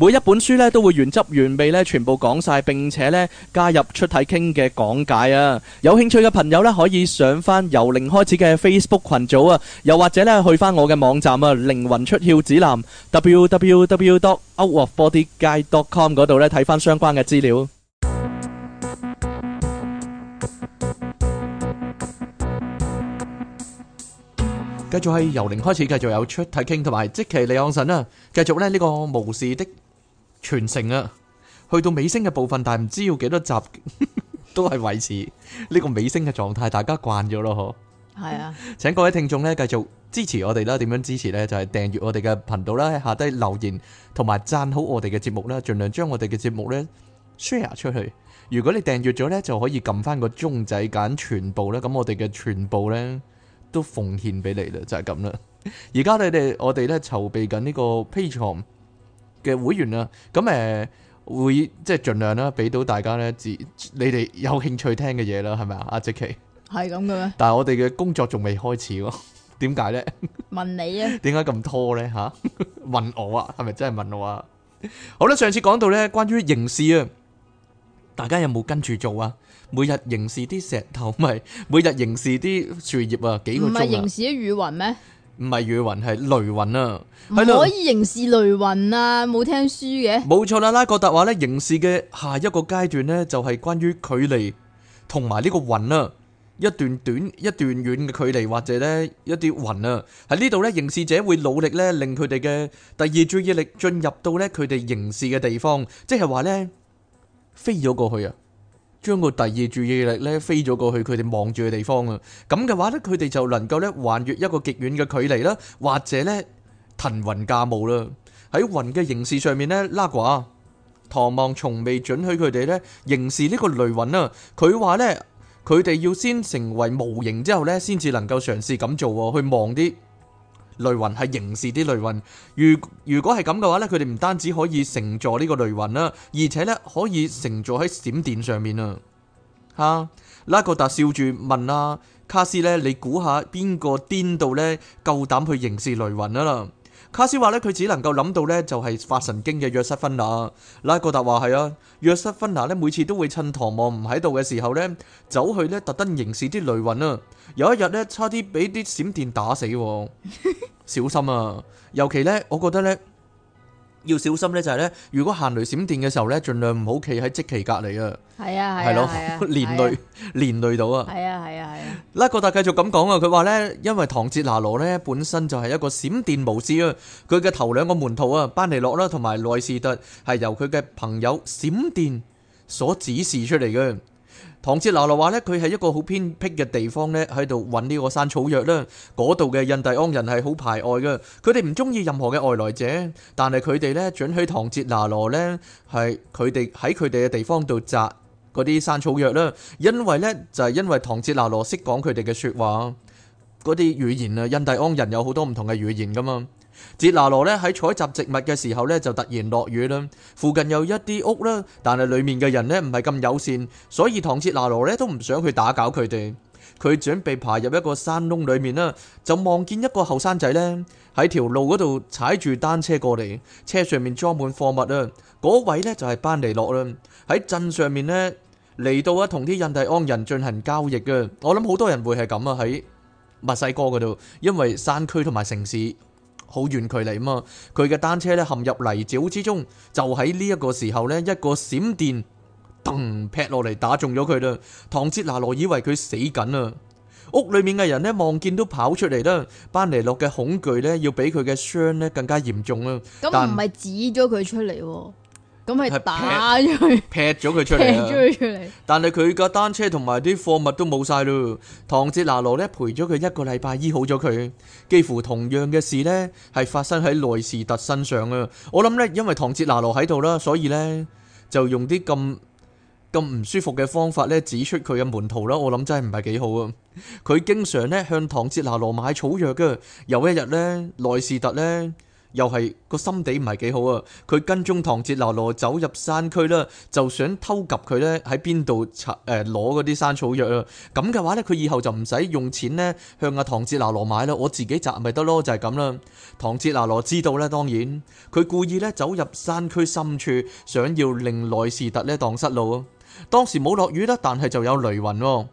每一本書咧都會原汁原味咧全部講晒，並且咧加入出體傾嘅講解啊！有興趣嘅朋友咧可以上翻由零開始嘅 Facebook 群組啊，又或者咧去翻我嘅網站啊靈魂出竅指南 www.outofbodyguide.com 嗰度咧睇翻相關嘅資料。繼續係由零開始，繼續有出體傾同埋即其李康臣啊！繼續咧呢個無視的。全程啊，去到尾聲嘅部分，但係唔知要幾多集 都係維持呢個尾聲嘅狀態，大家慣咗咯，嗬。係啊，請各位聽眾呢，繼續支持我哋啦，點樣支持呢？就係訂閱我哋嘅頻道啦，喺下低留言同埋讚好我哋嘅節目啦，盡量將我哋嘅節目呢 share 出去。如果你訂閱咗呢，就可以撳翻個鐘仔揀全部啦。咁我哋嘅全部呢，都奉獻俾你啦，就係咁啦。而家你哋我哋呢，籌備緊呢個 page 嘅會員啦，咁誒會即係盡量啦，俾到大家咧，自你哋有興趣聽嘅嘢啦，係咪啊？阿杰奇係咁嘅咩？但係我哋嘅工作仲未開始喎，點解咧？問你啊？點解咁拖咧？吓？問我啊？係咪真係問我啊？好啦，上次講到咧，關於凝視啊，大家有冇跟住做啊？每日凝視啲石頭咪，每日凝視啲樹葉啊，幾個鐘頭？唔係凝視啲雨雲咩？唔係雨雲，係雷雲啊！唔可以凝視雷雲啊！冇聽書嘅，冇錯啦。拉格達話咧，凝視嘅下一個階段咧，就係關於距離同埋呢個雲啊，一段短、一段遠嘅距離，或者咧一啲雲啊，喺呢度咧凝視者會努力咧，令佢哋嘅第二注意力進入到咧佢哋凝視嘅地方，即係話咧飛咗過去啊！將個第二注意力咧飛咗過去，佢哋望住嘅地方啊，咁嘅話咧，佢哋就能夠咧橫越一個極遠嘅距離啦，或者咧騰雲駕霧啦。喺雲嘅凝視上面咧，拉寡唐望從未準許佢哋咧凝視呢個雷雲啊。佢話咧，佢哋要先成為無形之後咧，先至能夠嘗試咁做喎，去望啲。雷雲係凝視啲雷雲，如如果係咁嘅話呢，佢哋唔單止可以乘坐呢個雷雲啦，而且呢可以乘坐喺閃電上面啊！哈，拉格達笑住問啊，卡斯呢？你估下邊個癲到呢？夠膽去凝視雷雲啊啦？卡斯話咧，佢只能夠諗到咧，就係發神經嘅約瑟芬娜。拉哥達話係啊，約瑟芬娜咧，每次都會趁唐望唔喺度嘅時候咧，走去咧特登凝視啲雷雲啊。有一日咧，差啲俾啲閃電打死，小心啊！尤其咧，我覺得咧。要小心咧，就係咧，如果行雷閃電嘅時候咧，盡量唔好企喺積奇隔籬啊！係啊，係咯，連累連累到啊！係啊，係啊，係啊！拉哥達繼續咁講啊，佢話咧，因為唐哲拿羅咧本身就係一個閃電巫士啊，佢嘅頭兩個門徒啊，班尼洛啦同埋內士特係由佢嘅朋友閃電所指示出嚟嘅。唐哲拿羅話咧，佢係一個好偏僻嘅地方咧，喺度揾呢個山草藥啦。嗰度嘅印第安人係好排外噶，佢哋唔中意任何嘅外來者。但係佢哋咧准許唐哲拿羅咧，係佢哋喺佢哋嘅地方度摘嗰啲山草藥啦。因為咧，就係因為唐哲拿羅識講佢哋嘅說話，嗰啲語言啊，印第安人有好多唔同嘅語言噶嘛。杰拿羅呢喺採集植物嘅時候呢，就突然落雨啦，附近有一啲屋啦，但係裏面嘅人呢，唔係咁友善，所以唐杰拿羅呢，都唔想去打攪佢哋。佢準備爬入一個山窿裏面啦，就望見一個後生仔呢，喺條路嗰度踩住單車過嚟，車上面裝滿貨物啦。嗰位呢，就係班尼諾啦，喺鎮上面呢，嚟到啊同啲印第安人進行交易㗎。我諗好多人會係咁啊，喺墨西哥嗰度，因爲山區同埋城市，好遠距離啊嘛，佢嘅單車咧陷入泥沼之中，就喺呢一個時候咧，一個閃電噔劈落嚟，打中咗佢啦。唐哲拿羅以為佢死緊啊，屋裏面嘅人咧望見都跑出嚟啦。班尼洛嘅恐懼咧，要比佢嘅傷咧更加嚴重啊。咁唔係指咗佢出嚟。咁係打咗佢，劈咗佢出嚟。出出但係佢架單車同埋啲貨物都冇晒咯。唐哲拿羅咧陪咗佢一個禮拜，醫好咗佢。幾乎同樣嘅事呢係發生喺內士特身上啊。我諗呢，因為唐哲拿羅喺度啦，所以呢，就用啲咁咁唔舒服嘅方法咧指出佢嘅門徒啦。我諗真係唔係幾好啊。佢經常咧向唐哲拿羅買草藥㗎。有一日呢，內士特呢。又係個心地唔係幾好啊！佢跟蹤唐哲娜羅走入山區啦，就想偷睇佢咧喺邊度誒攞嗰啲山草藥啊。咁嘅話咧，佢以後就唔使用錢咧向阿唐哲娜羅買啦，我自己摘咪得咯，就係咁啦。唐哲娜羅知道咧，當然佢故意咧走入山區深處，想要令內士特咧蕩失路啊。當時冇落雨啦，但係就有雷雲。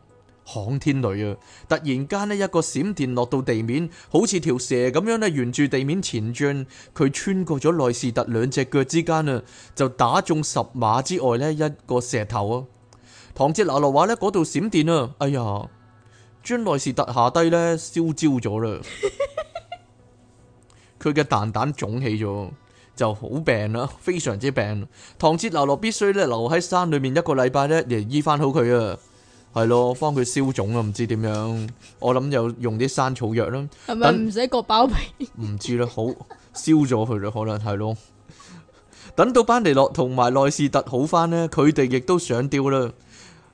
航天女啊！突然間呢一個閃電落到地面，好似條蛇咁樣呢沿住地面前進。佢穿過咗內士特兩隻腳之間啊，就打中十碼之外呢一個石頭啊！唐哲娜羅話呢嗰度閃電啊！哎呀，將內士特下低呢燒焦咗啦！佢嘅 蛋蛋腫起咗，就好病啦，非常之病。唐哲娜羅必須呢留喺山裏面一個禮拜呢嚟醫翻好佢啊！係咯，幫佢消腫咯，唔知點樣。我諗就用啲山草藥啦。係咪唔使割包皮？唔知啦，好燒咗佢咯，可能係咯。等到班尼諾同埋奈史特好翻呢，佢哋亦都上吊啦。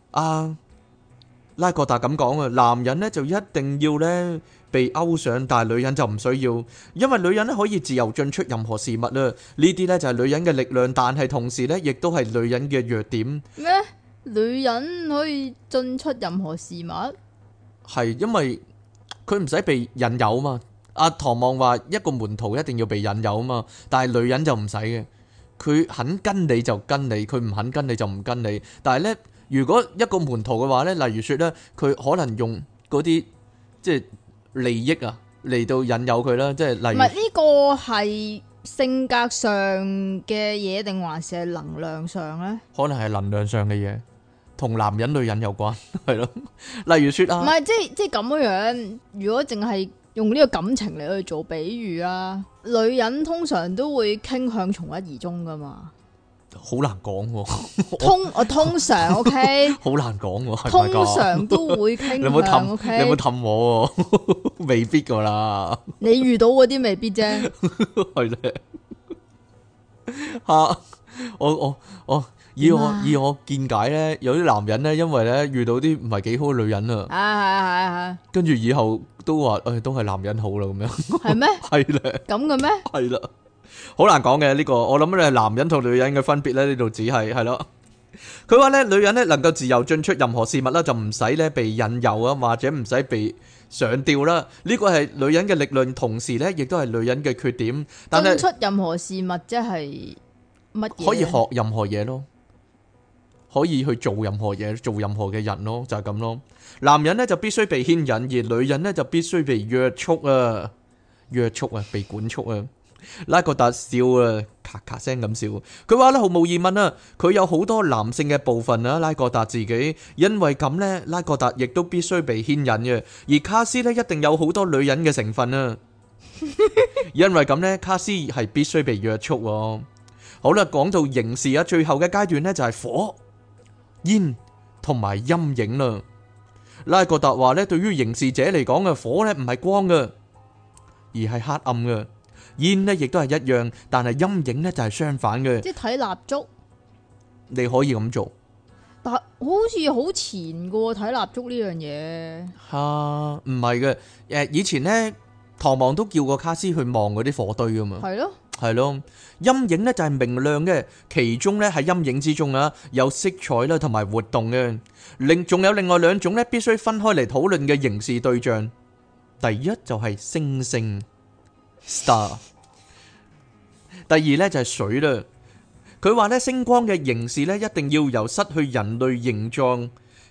阿拉各達咁講啊，男人呢就一定要呢被勾上，但係女人就唔需要，因為女人呢可以自由進出任何事物啦。呢啲呢就係女人嘅力量，但係同時呢亦都係女人嘅弱點。咩？女人可以進出任何事物，係因為佢唔使被引誘嘛。阿唐望話，一個門徒一定要被引誘嘛，但係女人就唔使嘅。佢肯跟你就跟你，佢唔肯跟你就唔跟你。但係咧，如果一個門徒嘅話咧，例如說咧，佢可能用嗰啲即係利益啊嚟到引誘佢啦，即係例如。唔係呢個係性格上嘅嘢，定還是係能量上咧？可能係能量上嘅嘢。同男人、女人有關，係咯。例如説啊，唔係即係即係咁樣。如果淨係用呢個感情嚟去做比喻啊，女人通常都會傾向從一而終噶嘛。好難講喎，哦。通我通常 OK。 好難講喎。通常都會傾向。 你有冇氹？OK。有冇氹我？ 未必噶啦。你遇到嗰啲未必啫。係咧。 嚇，啊！我我我。我我以我以我見解咧，有啲男人咧，因為咧遇到啲唔係幾好嘅女人啊，係啊係啊係，跟住以後都話誒，都係男人好啦，咁樣係咩？係啦咁嘅咩？係啦，好難講嘅呢個，我諗咧係男人同女人嘅分別咧，呢度只係係咯。佢話咧，女人咧能夠自由進出任何事物啦，就唔使咧被引誘啊，或者唔使被上吊啦。呢個係女人嘅力量，同時咧亦都係女人嘅缺點。進出任何事物即係乜嘢？可以學任何嘢咯。可以去做任何嘢，做任何嘅人咯，就係咁咯。男人咧就必須被牽引，而女人咧就必須被約束啊，約束啊，被管束啊。拉格達笑啊，咔咔聲咁笑。佢話咧毫無疑問啊，佢有好多男性嘅部分啊，拉格達自己，因為咁咧，拉格達亦都必須被牽引嘅。而卡斯咧一定有好多女人嘅成分啊，因為咁咧，卡斯係必須被約束。好啦，講到刑事啊，最後嘅階段咧就係火。煙同埋陰影啦，拉各達話咧，對於凝視者嚟講嘅火咧唔係光嘅，而係黑暗嘅煙咧亦都係一樣，但係陰影咧就係相反嘅。即係睇蠟燭，你可以咁做，但係好似好前嘅喎，睇蠟燭呢樣嘢吓唔係嘅，誒以前咧唐望都叫過卡斯去望嗰啲火堆㗎嘛，係咯。係咯，陰影咧就係明亮嘅，其中咧係陰影之中啊，有色彩啦，同埋活動嘅。另仲有另外兩種咧，必須分開嚟討論嘅凝視對象。第一就係星星，star。第二咧就係水啦。佢話咧星光嘅凝視咧，一定要由失去人類形狀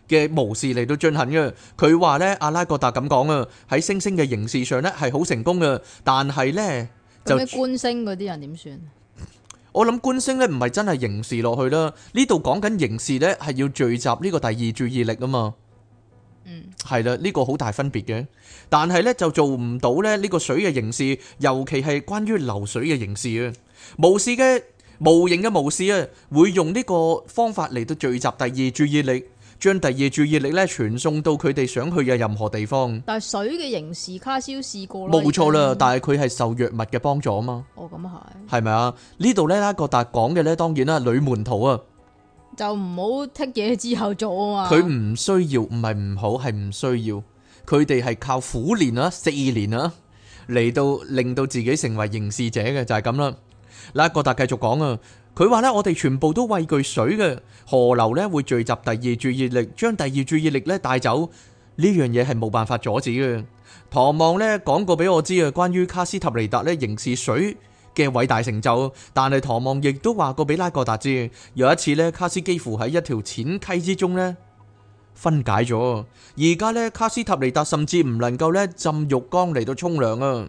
嘅巫士嚟到進行嘅。佢話咧，阿拉哥達咁講啊，喺星星嘅凝視上咧係好成功嘅，但係咧。就觀星嗰啲人點算？我諗觀星咧，唔係真係凝視落去啦。呢度講緊凝視咧，係要聚集呢個第二注意力啊嘛。嗯，係啦，呢個好大分別嘅。但係咧就做唔到咧呢個水嘅凝視，尤其係關於流水嘅凝視啊。巫士嘅無形嘅巫士啊，會用呢個方法嚟到聚集第二注意力。嗯將第二注意力咧傳送到佢哋想去嘅任何地方。但係水嘅凝視卡消試過啦。冇錯啦，嗯、但係佢係受藥物嘅幫助啊嘛。哦，咁係。係咪啊？呢度咧，拉各達講嘅咧，當然啦，女門徒啊，就唔好剔嘢之後做啊嘛。佢唔需要，唔係唔好，係唔需要。佢哋係靠苦練啊，十二年啊，嚟到令到自己成為凝視者嘅就係咁啦。拉各達繼續講啊。佢話咧，我哋全部都畏懼水嘅河流咧，會聚集第二注意力，將第二注意力咧帶走。呢樣嘢係冇辦法阻止嘅。唐望呢講過俾我知啊，關於卡斯塔尼達呢凝視水嘅偉大成就，但係唐望亦都話過俾拉各達知，有一次呢，卡斯幾乎喺一條淺溪之中咧分解咗。而家咧卡斯塔尼達甚至唔能夠咧浸浴缸嚟到沖涼啊！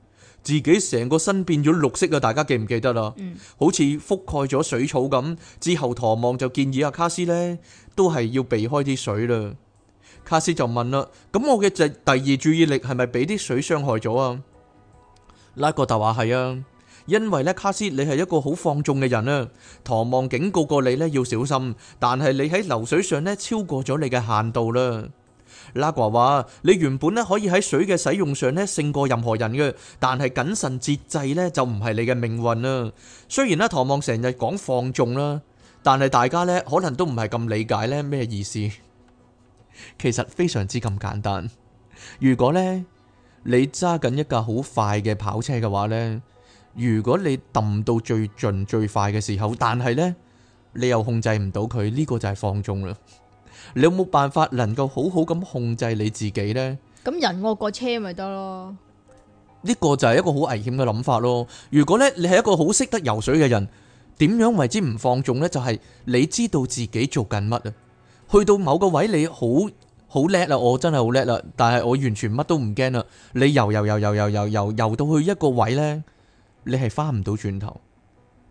自己成個身變咗綠色啊！大家記唔記得啊？嗯、好似覆蓋咗水草咁。之後唐望就建議阿、啊、卡斯呢，都係要避開啲水啦。卡斯就問啦：咁我嘅第二注意力係咪俾啲水傷害咗啊？拉哥就話係啊，因為呢卡斯你係一個好放縱嘅人啊。唐望警告過你呢，要小心，但係你喺流水上呢，超過咗你嘅限度啦。拉呱話你原本咧可以喺水嘅使用上咧勝過任何人嘅，但係謹慎節制咧就唔係你嘅命運啦。雖然咧唐望成日講放縱啦，但係大家咧可能都唔係咁理解咧咩意思。其實非常之咁簡單。如果咧你揸緊一架好快嘅跑車嘅話咧，如果你抌到最盡最快嘅時候，但係咧你又控制唔到佢，呢個就係放縱啦。你有冇辦法能夠好好咁控制你自己咧？咁人我個車咪得咯？呢個就係一個好危險嘅諗法咯。如果咧你係一個好識得游水嘅人，點樣為之唔放縱咧？就係你知道自己做緊乜啊？去到某個位，你好好叻啦，我真係好叻啦，但係我完全乜都唔驚啦。你游游游游游游游到去一個位咧，你係翻唔到轉頭，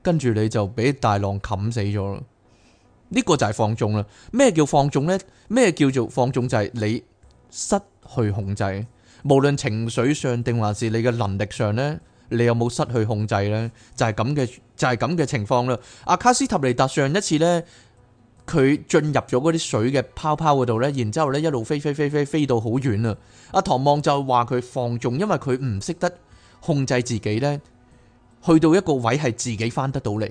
跟住你就俾大浪冚死咗啦。呢個就係放縱啦！咩叫放縱呢？咩叫做放縱？就係你失去控制，無論情緒上定還是你嘅能力上呢，你有冇失去控制呢？就係咁嘅，就係咁嘅情況啦。阿卡斯塔尼達上一次呢，佢進入咗嗰啲水嘅泡泡嗰度呢，然之後呢一路飛飛飛飛飛到好遠啊！阿唐望就話佢放縱，因為佢唔識得控制自己呢。去到一個位係自己翻得到嚟，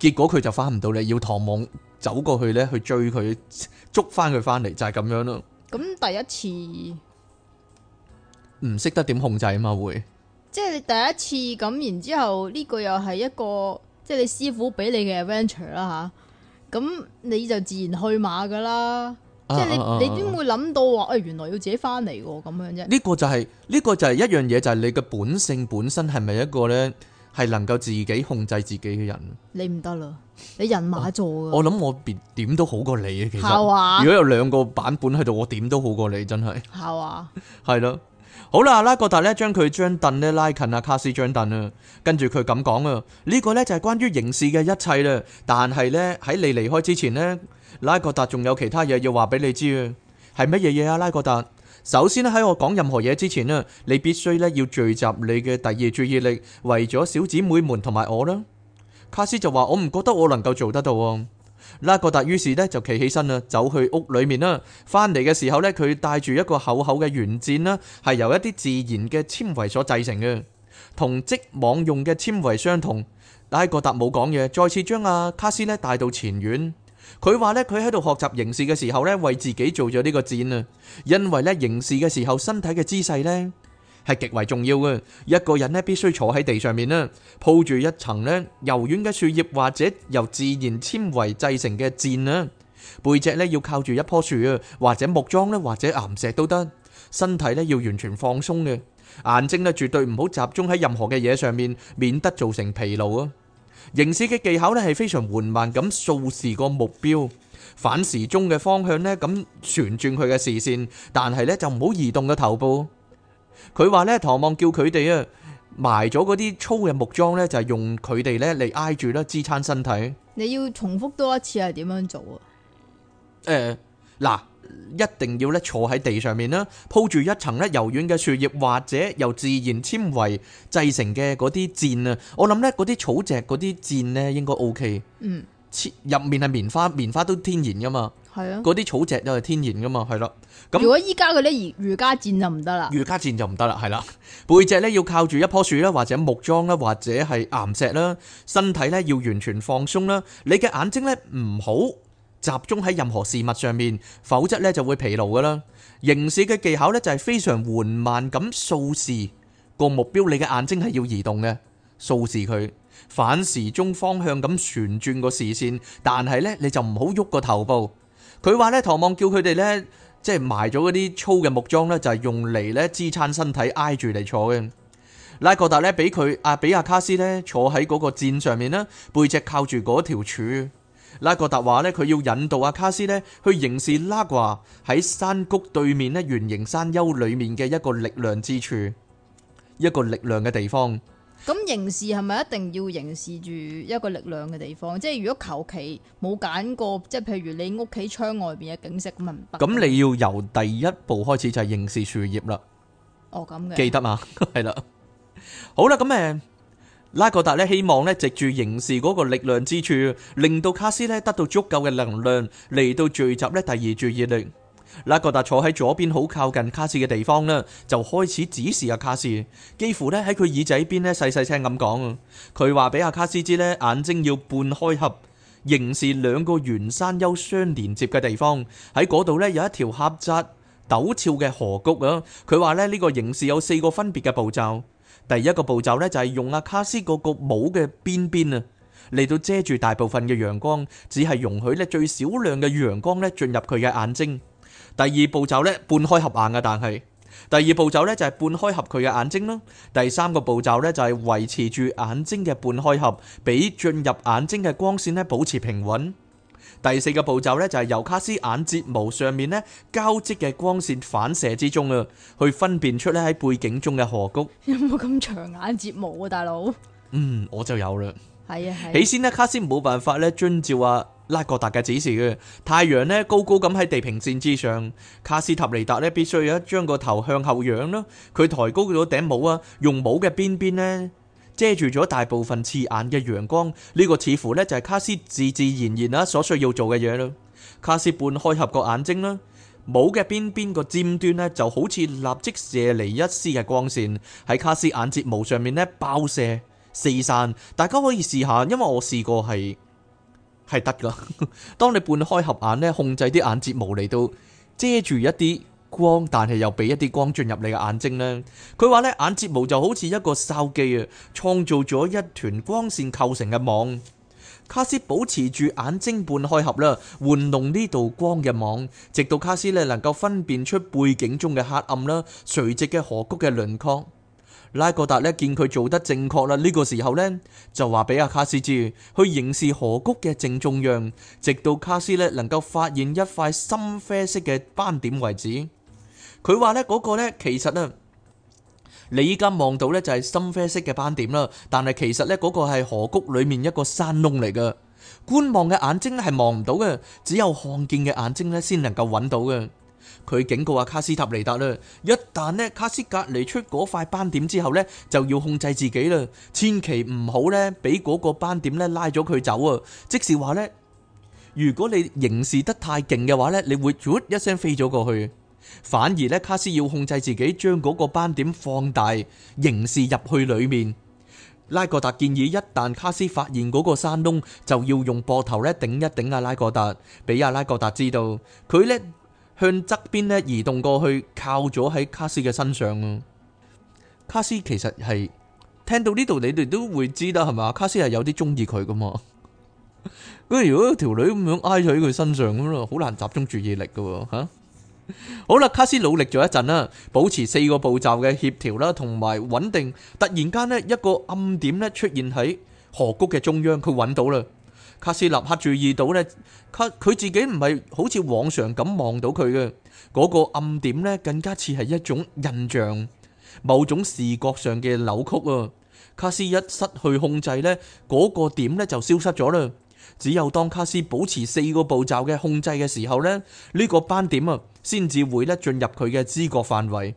結果佢就翻唔到嚟，要唐望。走過去咧，去追佢，捉翻佢翻嚟，就係、是、咁樣咯。咁第一次唔識得點控制啊嘛，會即係你第一次咁，然之後呢、這個又係一個，即係你師傅俾你嘅 adventure 啦、啊、吓，咁你就自然去馬噶啦，啊啊、即係你你點會諗到話誒、哎、原來要自己翻嚟喎咁樣啫？呢個就係、是、呢、這個就係一樣嘢，就係、是、你嘅本性本身係咪一個咧？係能夠自己控制自己嘅人，你唔得啦，你人馬座嘅。我諗我別點都好過你啊，其實。話如果有兩個版本喺度，我點都好過你，真係。係啊話。係啦， 好啦，拉格達呢將佢張凳呢拉近阿卡斯張凳啊，跟住佢咁講啊，呢、呢個呢就係關於刑事嘅一切啦，但係呢，喺你離開之前呢，拉格達仲有其他嘢要話俾你知啊，係乜嘢嘢啊，拉格達？首先喺我講任何嘢之前啊，你必須咧要聚集你嘅第二注意力，為咗小姊妹們同埋我啦。卡斯就話：我唔覺得我能夠做得到。拉格達於是咧就企起身啦，走去屋裏面啦。翻嚟嘅時候咧，佢帶住一個厚厚嘅圓墊啦，係由一啲自然嘅纖維所製成嘅，同織網用嘅纖維相同。拉格達冇講嘢，再次將阿卡斯咧帶到前院。佢話咧，佢喺度學習凝視嘅時候咧，為自己做咗呢個墊。啊。因為咧凝視嘅時候，身體嘅姿勢咧係極為重要嘅。一個人呢，必須坐喺地上面啦，鋪住一層呢，柔軟嘅樹葉或者由自然纖維製成嘅墊。啦。背脊咧要靠住一棵樹啊，或者木樁咧，或者岩石都得。身體咧要完全放鬆嘅，眼睛咧絕對唔好集中喺任何嘅嘢上面，免得造成疲勞啊。凝視嘅技巧呢係非常緩慢咁掃視個目標，反時鐘嘅方向呢咁旋轉佢嘅視線，但係呢就唔好移動個頭部。佢話呢，唐望叫佢哋啊埋咗嗰啲粗嘅木樁呢，就係用佢哋呢嚟挨住啦支撐身體。你要重複多一次係點樣做啊？誒，嗱。一定要咧坐喺地上面啦，鋪住一層咧柔軟嘅樹葉或者由自然纖維製成嘅嗰啲墊。啊。我諗咧嗰啲草席嗰啲墊咧應該 O K。嗯，切入面係棉花，棉花都天然噶嘛。係啊，嗰啲草席都係天然噶嘛，係啦。咁如果依家嗰啲瑜伽墊就唔得啦。瑜伽墊就唔得啦，係啦。背脊咧要靠住一棵樹啦，或者木樁啦，或者係岩石啦。身體咧要完全放鬆啦。你嘅眼睛咧唔好集中喺任何事物上面，否則咧就會疲勞噶啦。凝視嘅技巧咧就係非常緩慢咁掃視個目標，你嘅眼睛係要移動嘅，掃視佢，反時鐘方向咁旋轉個視線，但係咧你就唔好喐個頭部。佢話咧，唐望叫佢哋咧，即係埋咗嗰啲粗嘅木樁咧，就係用嚟咧支撐身體挨住嚟坐嘅。拉各達咧俾佢阿比亞卡斯咧坐喺嗰個箭上面啦，背脊靠住嗰條柱。拉格達話呢，佢要引導阿卡斯呢去凝視拉啩喺山谷對面呢圓形山丘裏面嘅一個力量之處，一個力量嘅地方。咁凝視係咪一定要凝視住一個力量嘅地方？即係如果求其冇揀過，即係譬如你屋企窗外邊嘅景色咁，咪唔得？咁你要由第一步開始就係凝視樹葉啦。哦，咁嘅記得嘛？係啦，好啦，咁誒。拉格達咧希望咧藉住凝視嗰個力量之處，令到卡斯咧得到足夠嘅能量嚟到聚集咧第二注意力。拉格達坐喺左邊好靠近卡斯嘅地方呢就開始指示阿卡斯，幾乎呢喺佢耳仔邊咧細細聲咁講。佢話俾阿卡斯知呢，眼睛要半開合，凝視兩個圓山丘相連接嘅地方，喺嗰度咧有一條狹窄陡峭嘅河谷啊。佢話咧呢個凝視有四個分別嘅步驟。第一個步驟咧就係用阿卡斯嗰個帽嘅邊邊啊，嚟到遮住大部分嘅陽光，只係容許咧最少量嘅陽光咧進入佢嘅眼睛。第二步驟咧半開合眼啊，但係第二步驟咧就係半開合佢嘅眼睛啦。第三個步驟咧就係維持住眼睛嘅半開合，俾進入眼睛嘅光線咧保持平穩。第四個步驟咧，就係由卡斯眼睫毛上面咧交織嘅光線反射之中啊，去分辨出咧喺背景中嘅河谷。有冇咁長眼睫毛啊，大佬？嗯，我就有啦。係啊，起先呢，卡斯冇辦法咧遵照啊拉格達嘅指示嘅。太陽咧高高咁喺地平線之上，卡斯塔尼達咧必須要將個頭向後仰咯。佢抬高咗頂帽啊，用帽嘅邊邊咧。遮住咗大部分刺眼嘅陽光，呢、這個似乎呢就係卡斯自自然然啦所需要做嘅嘢咯。卡斯半開合個眼睛啦，帽嘅邊邊個尖端呢就好似立即射嚟一絲嘅光綫喺卡斯眼睫毛上面呢爆射四散。大家可以試下，因為我試過係係得㗎。 當你半開合眼呢，控制啲眼睫毛嚟到遮住一啲。光，但係又俾一啲光進入你嘅眼睛呢。佢話呢，眼睫毛就好似一個哨機啊，創造咗一團光線構成嘅網。卡斯保持住眼睛半開合啦，玩弄呢道光嘅網，直到卡斯呢能夠分辨出背景中嘅黑暗啦，垂直嘅河谷嘅輪廓。拉各達呢見佢做得正確啦，呢、呢個時候呢，就話俾阿卡斯知，去凝視河谷嘅正中央，直到卡斯呢能夠發現一塊深啡色嘅斑點為止。佢話呢嗰個呢，其實呢，你依家望到呢就係深啡色嘅斑點啦。但係其實呢，嗰個係河谷裏面一個山窿嚟㗎。觀望嘅眼睛咧係望唔到嘅，只有看見嘅眼睛咧先能夠揾到嘅。佢警告阿卡斯塔尼達咧，一旦呢卡斯隔離出嗰塊斑點之後呢，就要控制自己啦，千祈唔好呢俾嗰個斑點呢拉咗佢走啊！即是話呢，如果你凝視得太勁嘅話呢，你會一聲飛咗過去。反而咧，卡斯要控制自己將嗰個斑點放大，凝視入去裏面。拉各達建議，一旦卡斯發現嗰個山窿，就要用膊頭咧頂一頂阿拉各達，俾阿拉各達知道，佢咧向側邊咧移動過去，靠咗喺卡斯嘅身上。卡斯其實係聽到呢度，你哋都會知啦，係嘛？卡斯係有啲中意佢噶嘛？咁 如果條女咁樣挨喺佢身上咁咯，好難集中注意力噶吓。啊好啦，卡斯努力咗一陣啦，保持四個步驟嘅協調啦，同埋穩定。突然間咧，一個暗點咧出現喺河谷嘅中央，佢揾到啦。卡斯立刻注意到呢，卡，佢自己唔係好似往常咁望到佢嘅，嗰個暗點呢更加似係一種印象，某種視覺上嘅扭曲啊。卡斯一失去控制呢，嗰個點呢就消失咗啦。只有當卡斯保持四個步驟嘅控制嘅時候咧，呢、這個斑點啊，先至會咧進入佢嘅知覺範圍。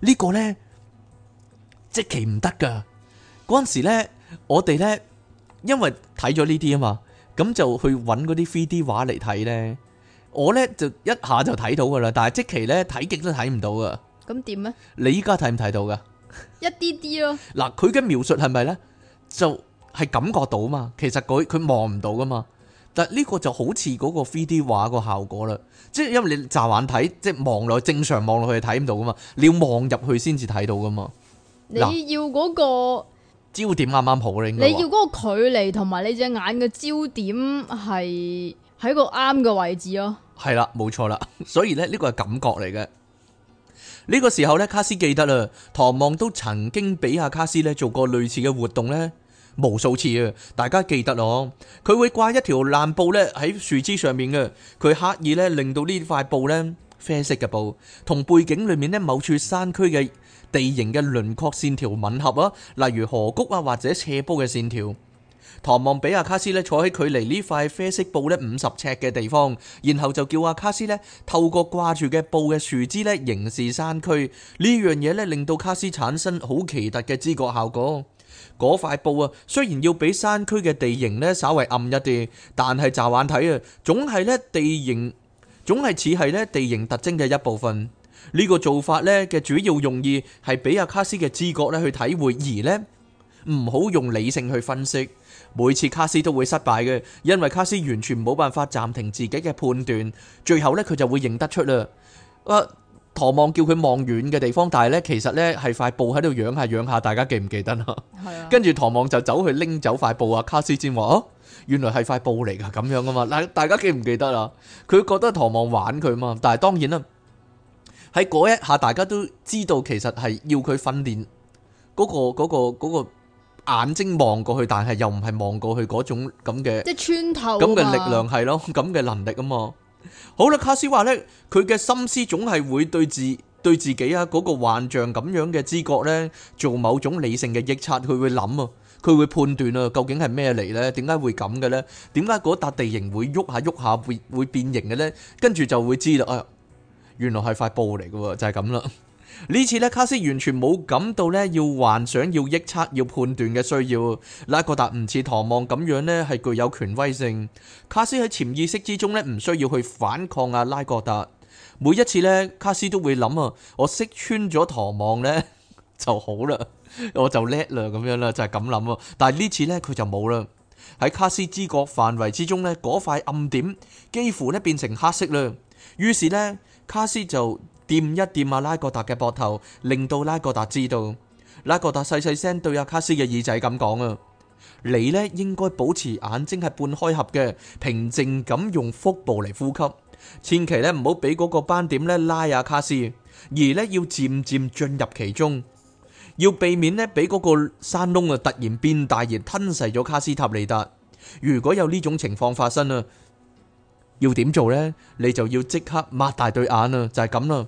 呢、這個呢，即期唔得噶。嗰陣時咧，我哋呢，因為睇咗呢啲啊嘛，咁就去揾嗰啲 3D 畫嚟睇呢。我呢，就一下就睇到噶啦，但係即期呢，睇極都睇唔到噶。咁點呢？你依家睇唔睇到噶？ 一啲啲咯。嗱，佢嘅描述係咪呢？就。係感覺到嘛？其實佢佢望唔到噶嘛，但呢個就好似嗰個 3D 畫個效果啦，即係因為你乍眼睇，即係望落正常望落去睇唔到噶嘛，你要望入去先至睇到噶嘛。你要嗰、嗰個焦點啱啱好，你要嗰個距離同埋你隻眼嘅焦點係喺個啱嘅位置咯。係啦，冇錯啦，所以咧呢個係感覺嚟嘅。呢、呢個時候咧，卡斯記得啦，唐望都曾經俾阿卡斯咧做過類似嘅活動咧。無數次啊！大家記得咯，佢會掛一條爛布呢喺樹枝上面嘅，佢刻意呢令到呢塊布呢、啡色嘅布，同背景裏面呢某處山區嘅地形嘅輪廓線條吻合啊，例如河谷啊或者斜坡嘅線條。唐望比亞卡斯呢坐喺距離呢塊啡色布呢五十尺嘅地方，然後就叫阿卡斯呢透過掛住嘅布嘅樹枝呢凝視山區呢樣嘢，呢令到卡斯產生好奇特嘅知覺效果。嗰塊布啊，雖然要比山區嘅地形呢稍微暗一啲，但係乍眼睇啊，總係呢地形，總係似係呢地形特徵嘅一部分。呢個做法呢嘅主要用意係俾阿卡斯嘅知覺呢去體會，而呢唔好用理性去分析。每次卡斯都會失敗嘅，因為卡斯完全冇辦法暫停自己嘅判斷。最後呢佢就會認得出啦。啊！唐望叫佢望遠嘅地方，但係咧，其實咧係塊布喺度，養下養下，大家記唔記得啊？跟住唐望就走去拎走塊布啊！卡斯堅話：哦，原來係塊布嚟噶，咁樣㗎嘛。嗱，大家記唔記得啊？佢覺得唐望玩佢嘛，但係當然啦，喺嗰一下，大家都知道其實係要佢訓練嗰個嗰個嗰個眼睛望過去，但係又唔係望過去嗰種咁嘅，即係穿透咁嘅力量係咯，咁嘅能力啊嘛。好啦，卡斯話咧，佢嘅心思總係會對自對自己啊嗰個幻象咁樣嘅知覺咧，做某種理性嘅臆測，佢會諗啊，佢會判斷啊，究竟係咩嚟咧？點解會咁嘅咧？點解嗰笪地形會喐下喐下會會變形嘅咧？跟住就會知道啊，原來係塊布嚟嘅喎，就係咁啦。呢次咧，卡斯完全冇感到咧要幻想、要臆測、要判斷嘅需要。拉格達唔似唐望咁樣咧，係具有權威性。卡斯喺潛意識之中咧，唔需要去反抗阿拉格達。每一次呢，卡斯都會諗啊，我識穿咗唐望呢 就好啦，我就叻啦咁樣啦，就係咁諗啊。但係呢次呢，佢就冇啦。喺卡斯知覺範圍之中呢，嗰塊暗點幾乎咧變成黑色啦。於是呢，卡斯就。掂一掂阿拉各達嘅膊頭，令到拉各達知道。拉各達細細聲對阿卡斯嘅耳仔咁講啊：你呢應該保持眼睛係半開合嘅，平靜咁用腹部嚟呼吸，千祈呢唔好俾嗰個斑點呢拉阿卡斯，而呢要漸漸進入其中，要避免呢俾嗰個山窿啊突然變大而吞噬咗卡斯塔利達。如果有呢種情況發生啊，要點做呢？你就要即刻擘大對眼啊！就係咁啦。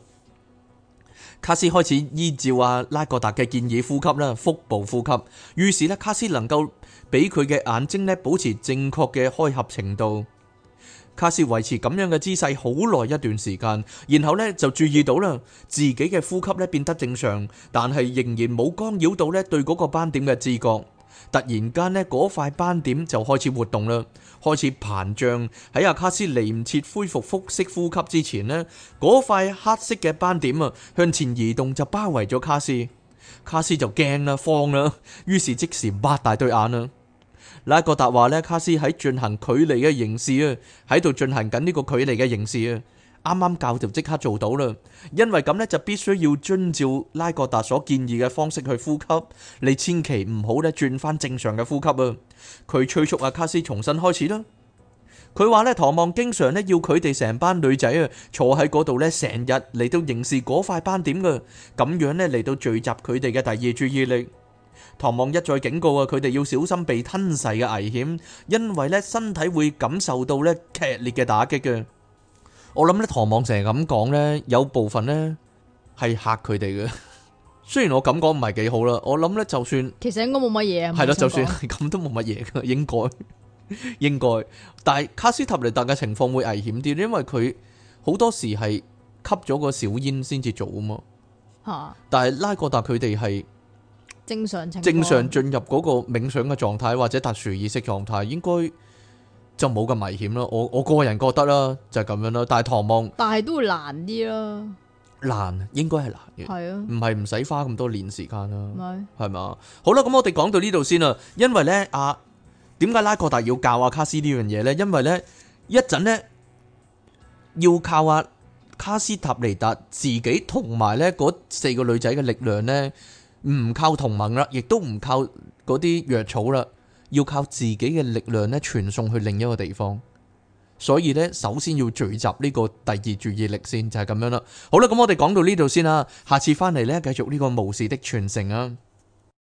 卡斯開始依照阿拉各達嘅建議呼吸啦，腹部呼吸。於是咧，卡斯能夠俾佢嘅眼睛咧保持正確嘅開合程度。卡斯維持咁樣嘅姿勢好耐一段時間，然後咧就注意到啦，自己嘅呼吸咧變得正常，但係仍然冇干擾到咧對嗰個斑點嘅知覺。突然間呢，嗰塊斑點就開始活動啦，開始膨脹。喺阿卡斯嚟唔切恢復腹式呼吸之前呢，嗰塊黑色嘅斑點啊，向前移動，就包圍咗卡斯。卡斯就驚啦，慌啦，於是即時擘大對眼啦。拉格達話呢，卡斯喺進行距離嘅凝視啊，喺度進行緊呢個距離嘅凝視啊。啱啱教就即刻做到啦，因為咁咧就必須要遵照拉格達所建議嘅方式去呼吸，你千祈唔好咧轉翻正常嘅呼吸啊！佢催促阿卡斯重新開始啦。佢話咧，唐望經常咧要佢哋成班女仔啊坐喺嗰度咧，成日嚟到凝視嗰塊斑點噶，咁樣咧嚟到聚集佢哋嘅第二注意力。唐望一再警告啊，佢哋要小心被吞噬嘅危險，因為咧身體會感受到咧劇烈嘅打擊嘅。我諗咧，唐望成日咁講咧，有部分咧係嚇佢哋嘅。雖然我咁講唔係幾好啦，我諗咧就算，其實應該冇乜嘢。係咯了，就算係咁都冇乜嘢嘅，應該 應該。但係卡斯塔尼達嘅情況會危險啲，因為佢好多時係吸咗個小煙先至做啊嘛。吓，但係拉國達佢哋係正常情，正常進入嗰個冥想嘅狀態或者特殊意識狀態應該。就冇咁危險咯，我我個人覺得啦，就咁樣啦。但係唐望，但係都會難啲咯，難應該係難嘅，係啊，唔係唔使花咁多年時間啦，係嘛？好啦，咁我哋講到呢度先啦，因為呢阿點解拉克達要教阿卡斯呢樣嘢呢？因為呢一陣呢要靠阿卡斯塔尼達自己同埋呢嗰四個女仔嘅力量呢，唔靠同盟啦，亦都唔靠嗰啲藥草啦。要靠自己嘅力量咧，傳送去另一個地方。所以咧，首先要聚集呢個第二注意力先，就係、是、咁樣啦。好啦，咁我哋講到呢度先啦。下次翻嚟咧，繼續呢、這個巫士的傳承啊！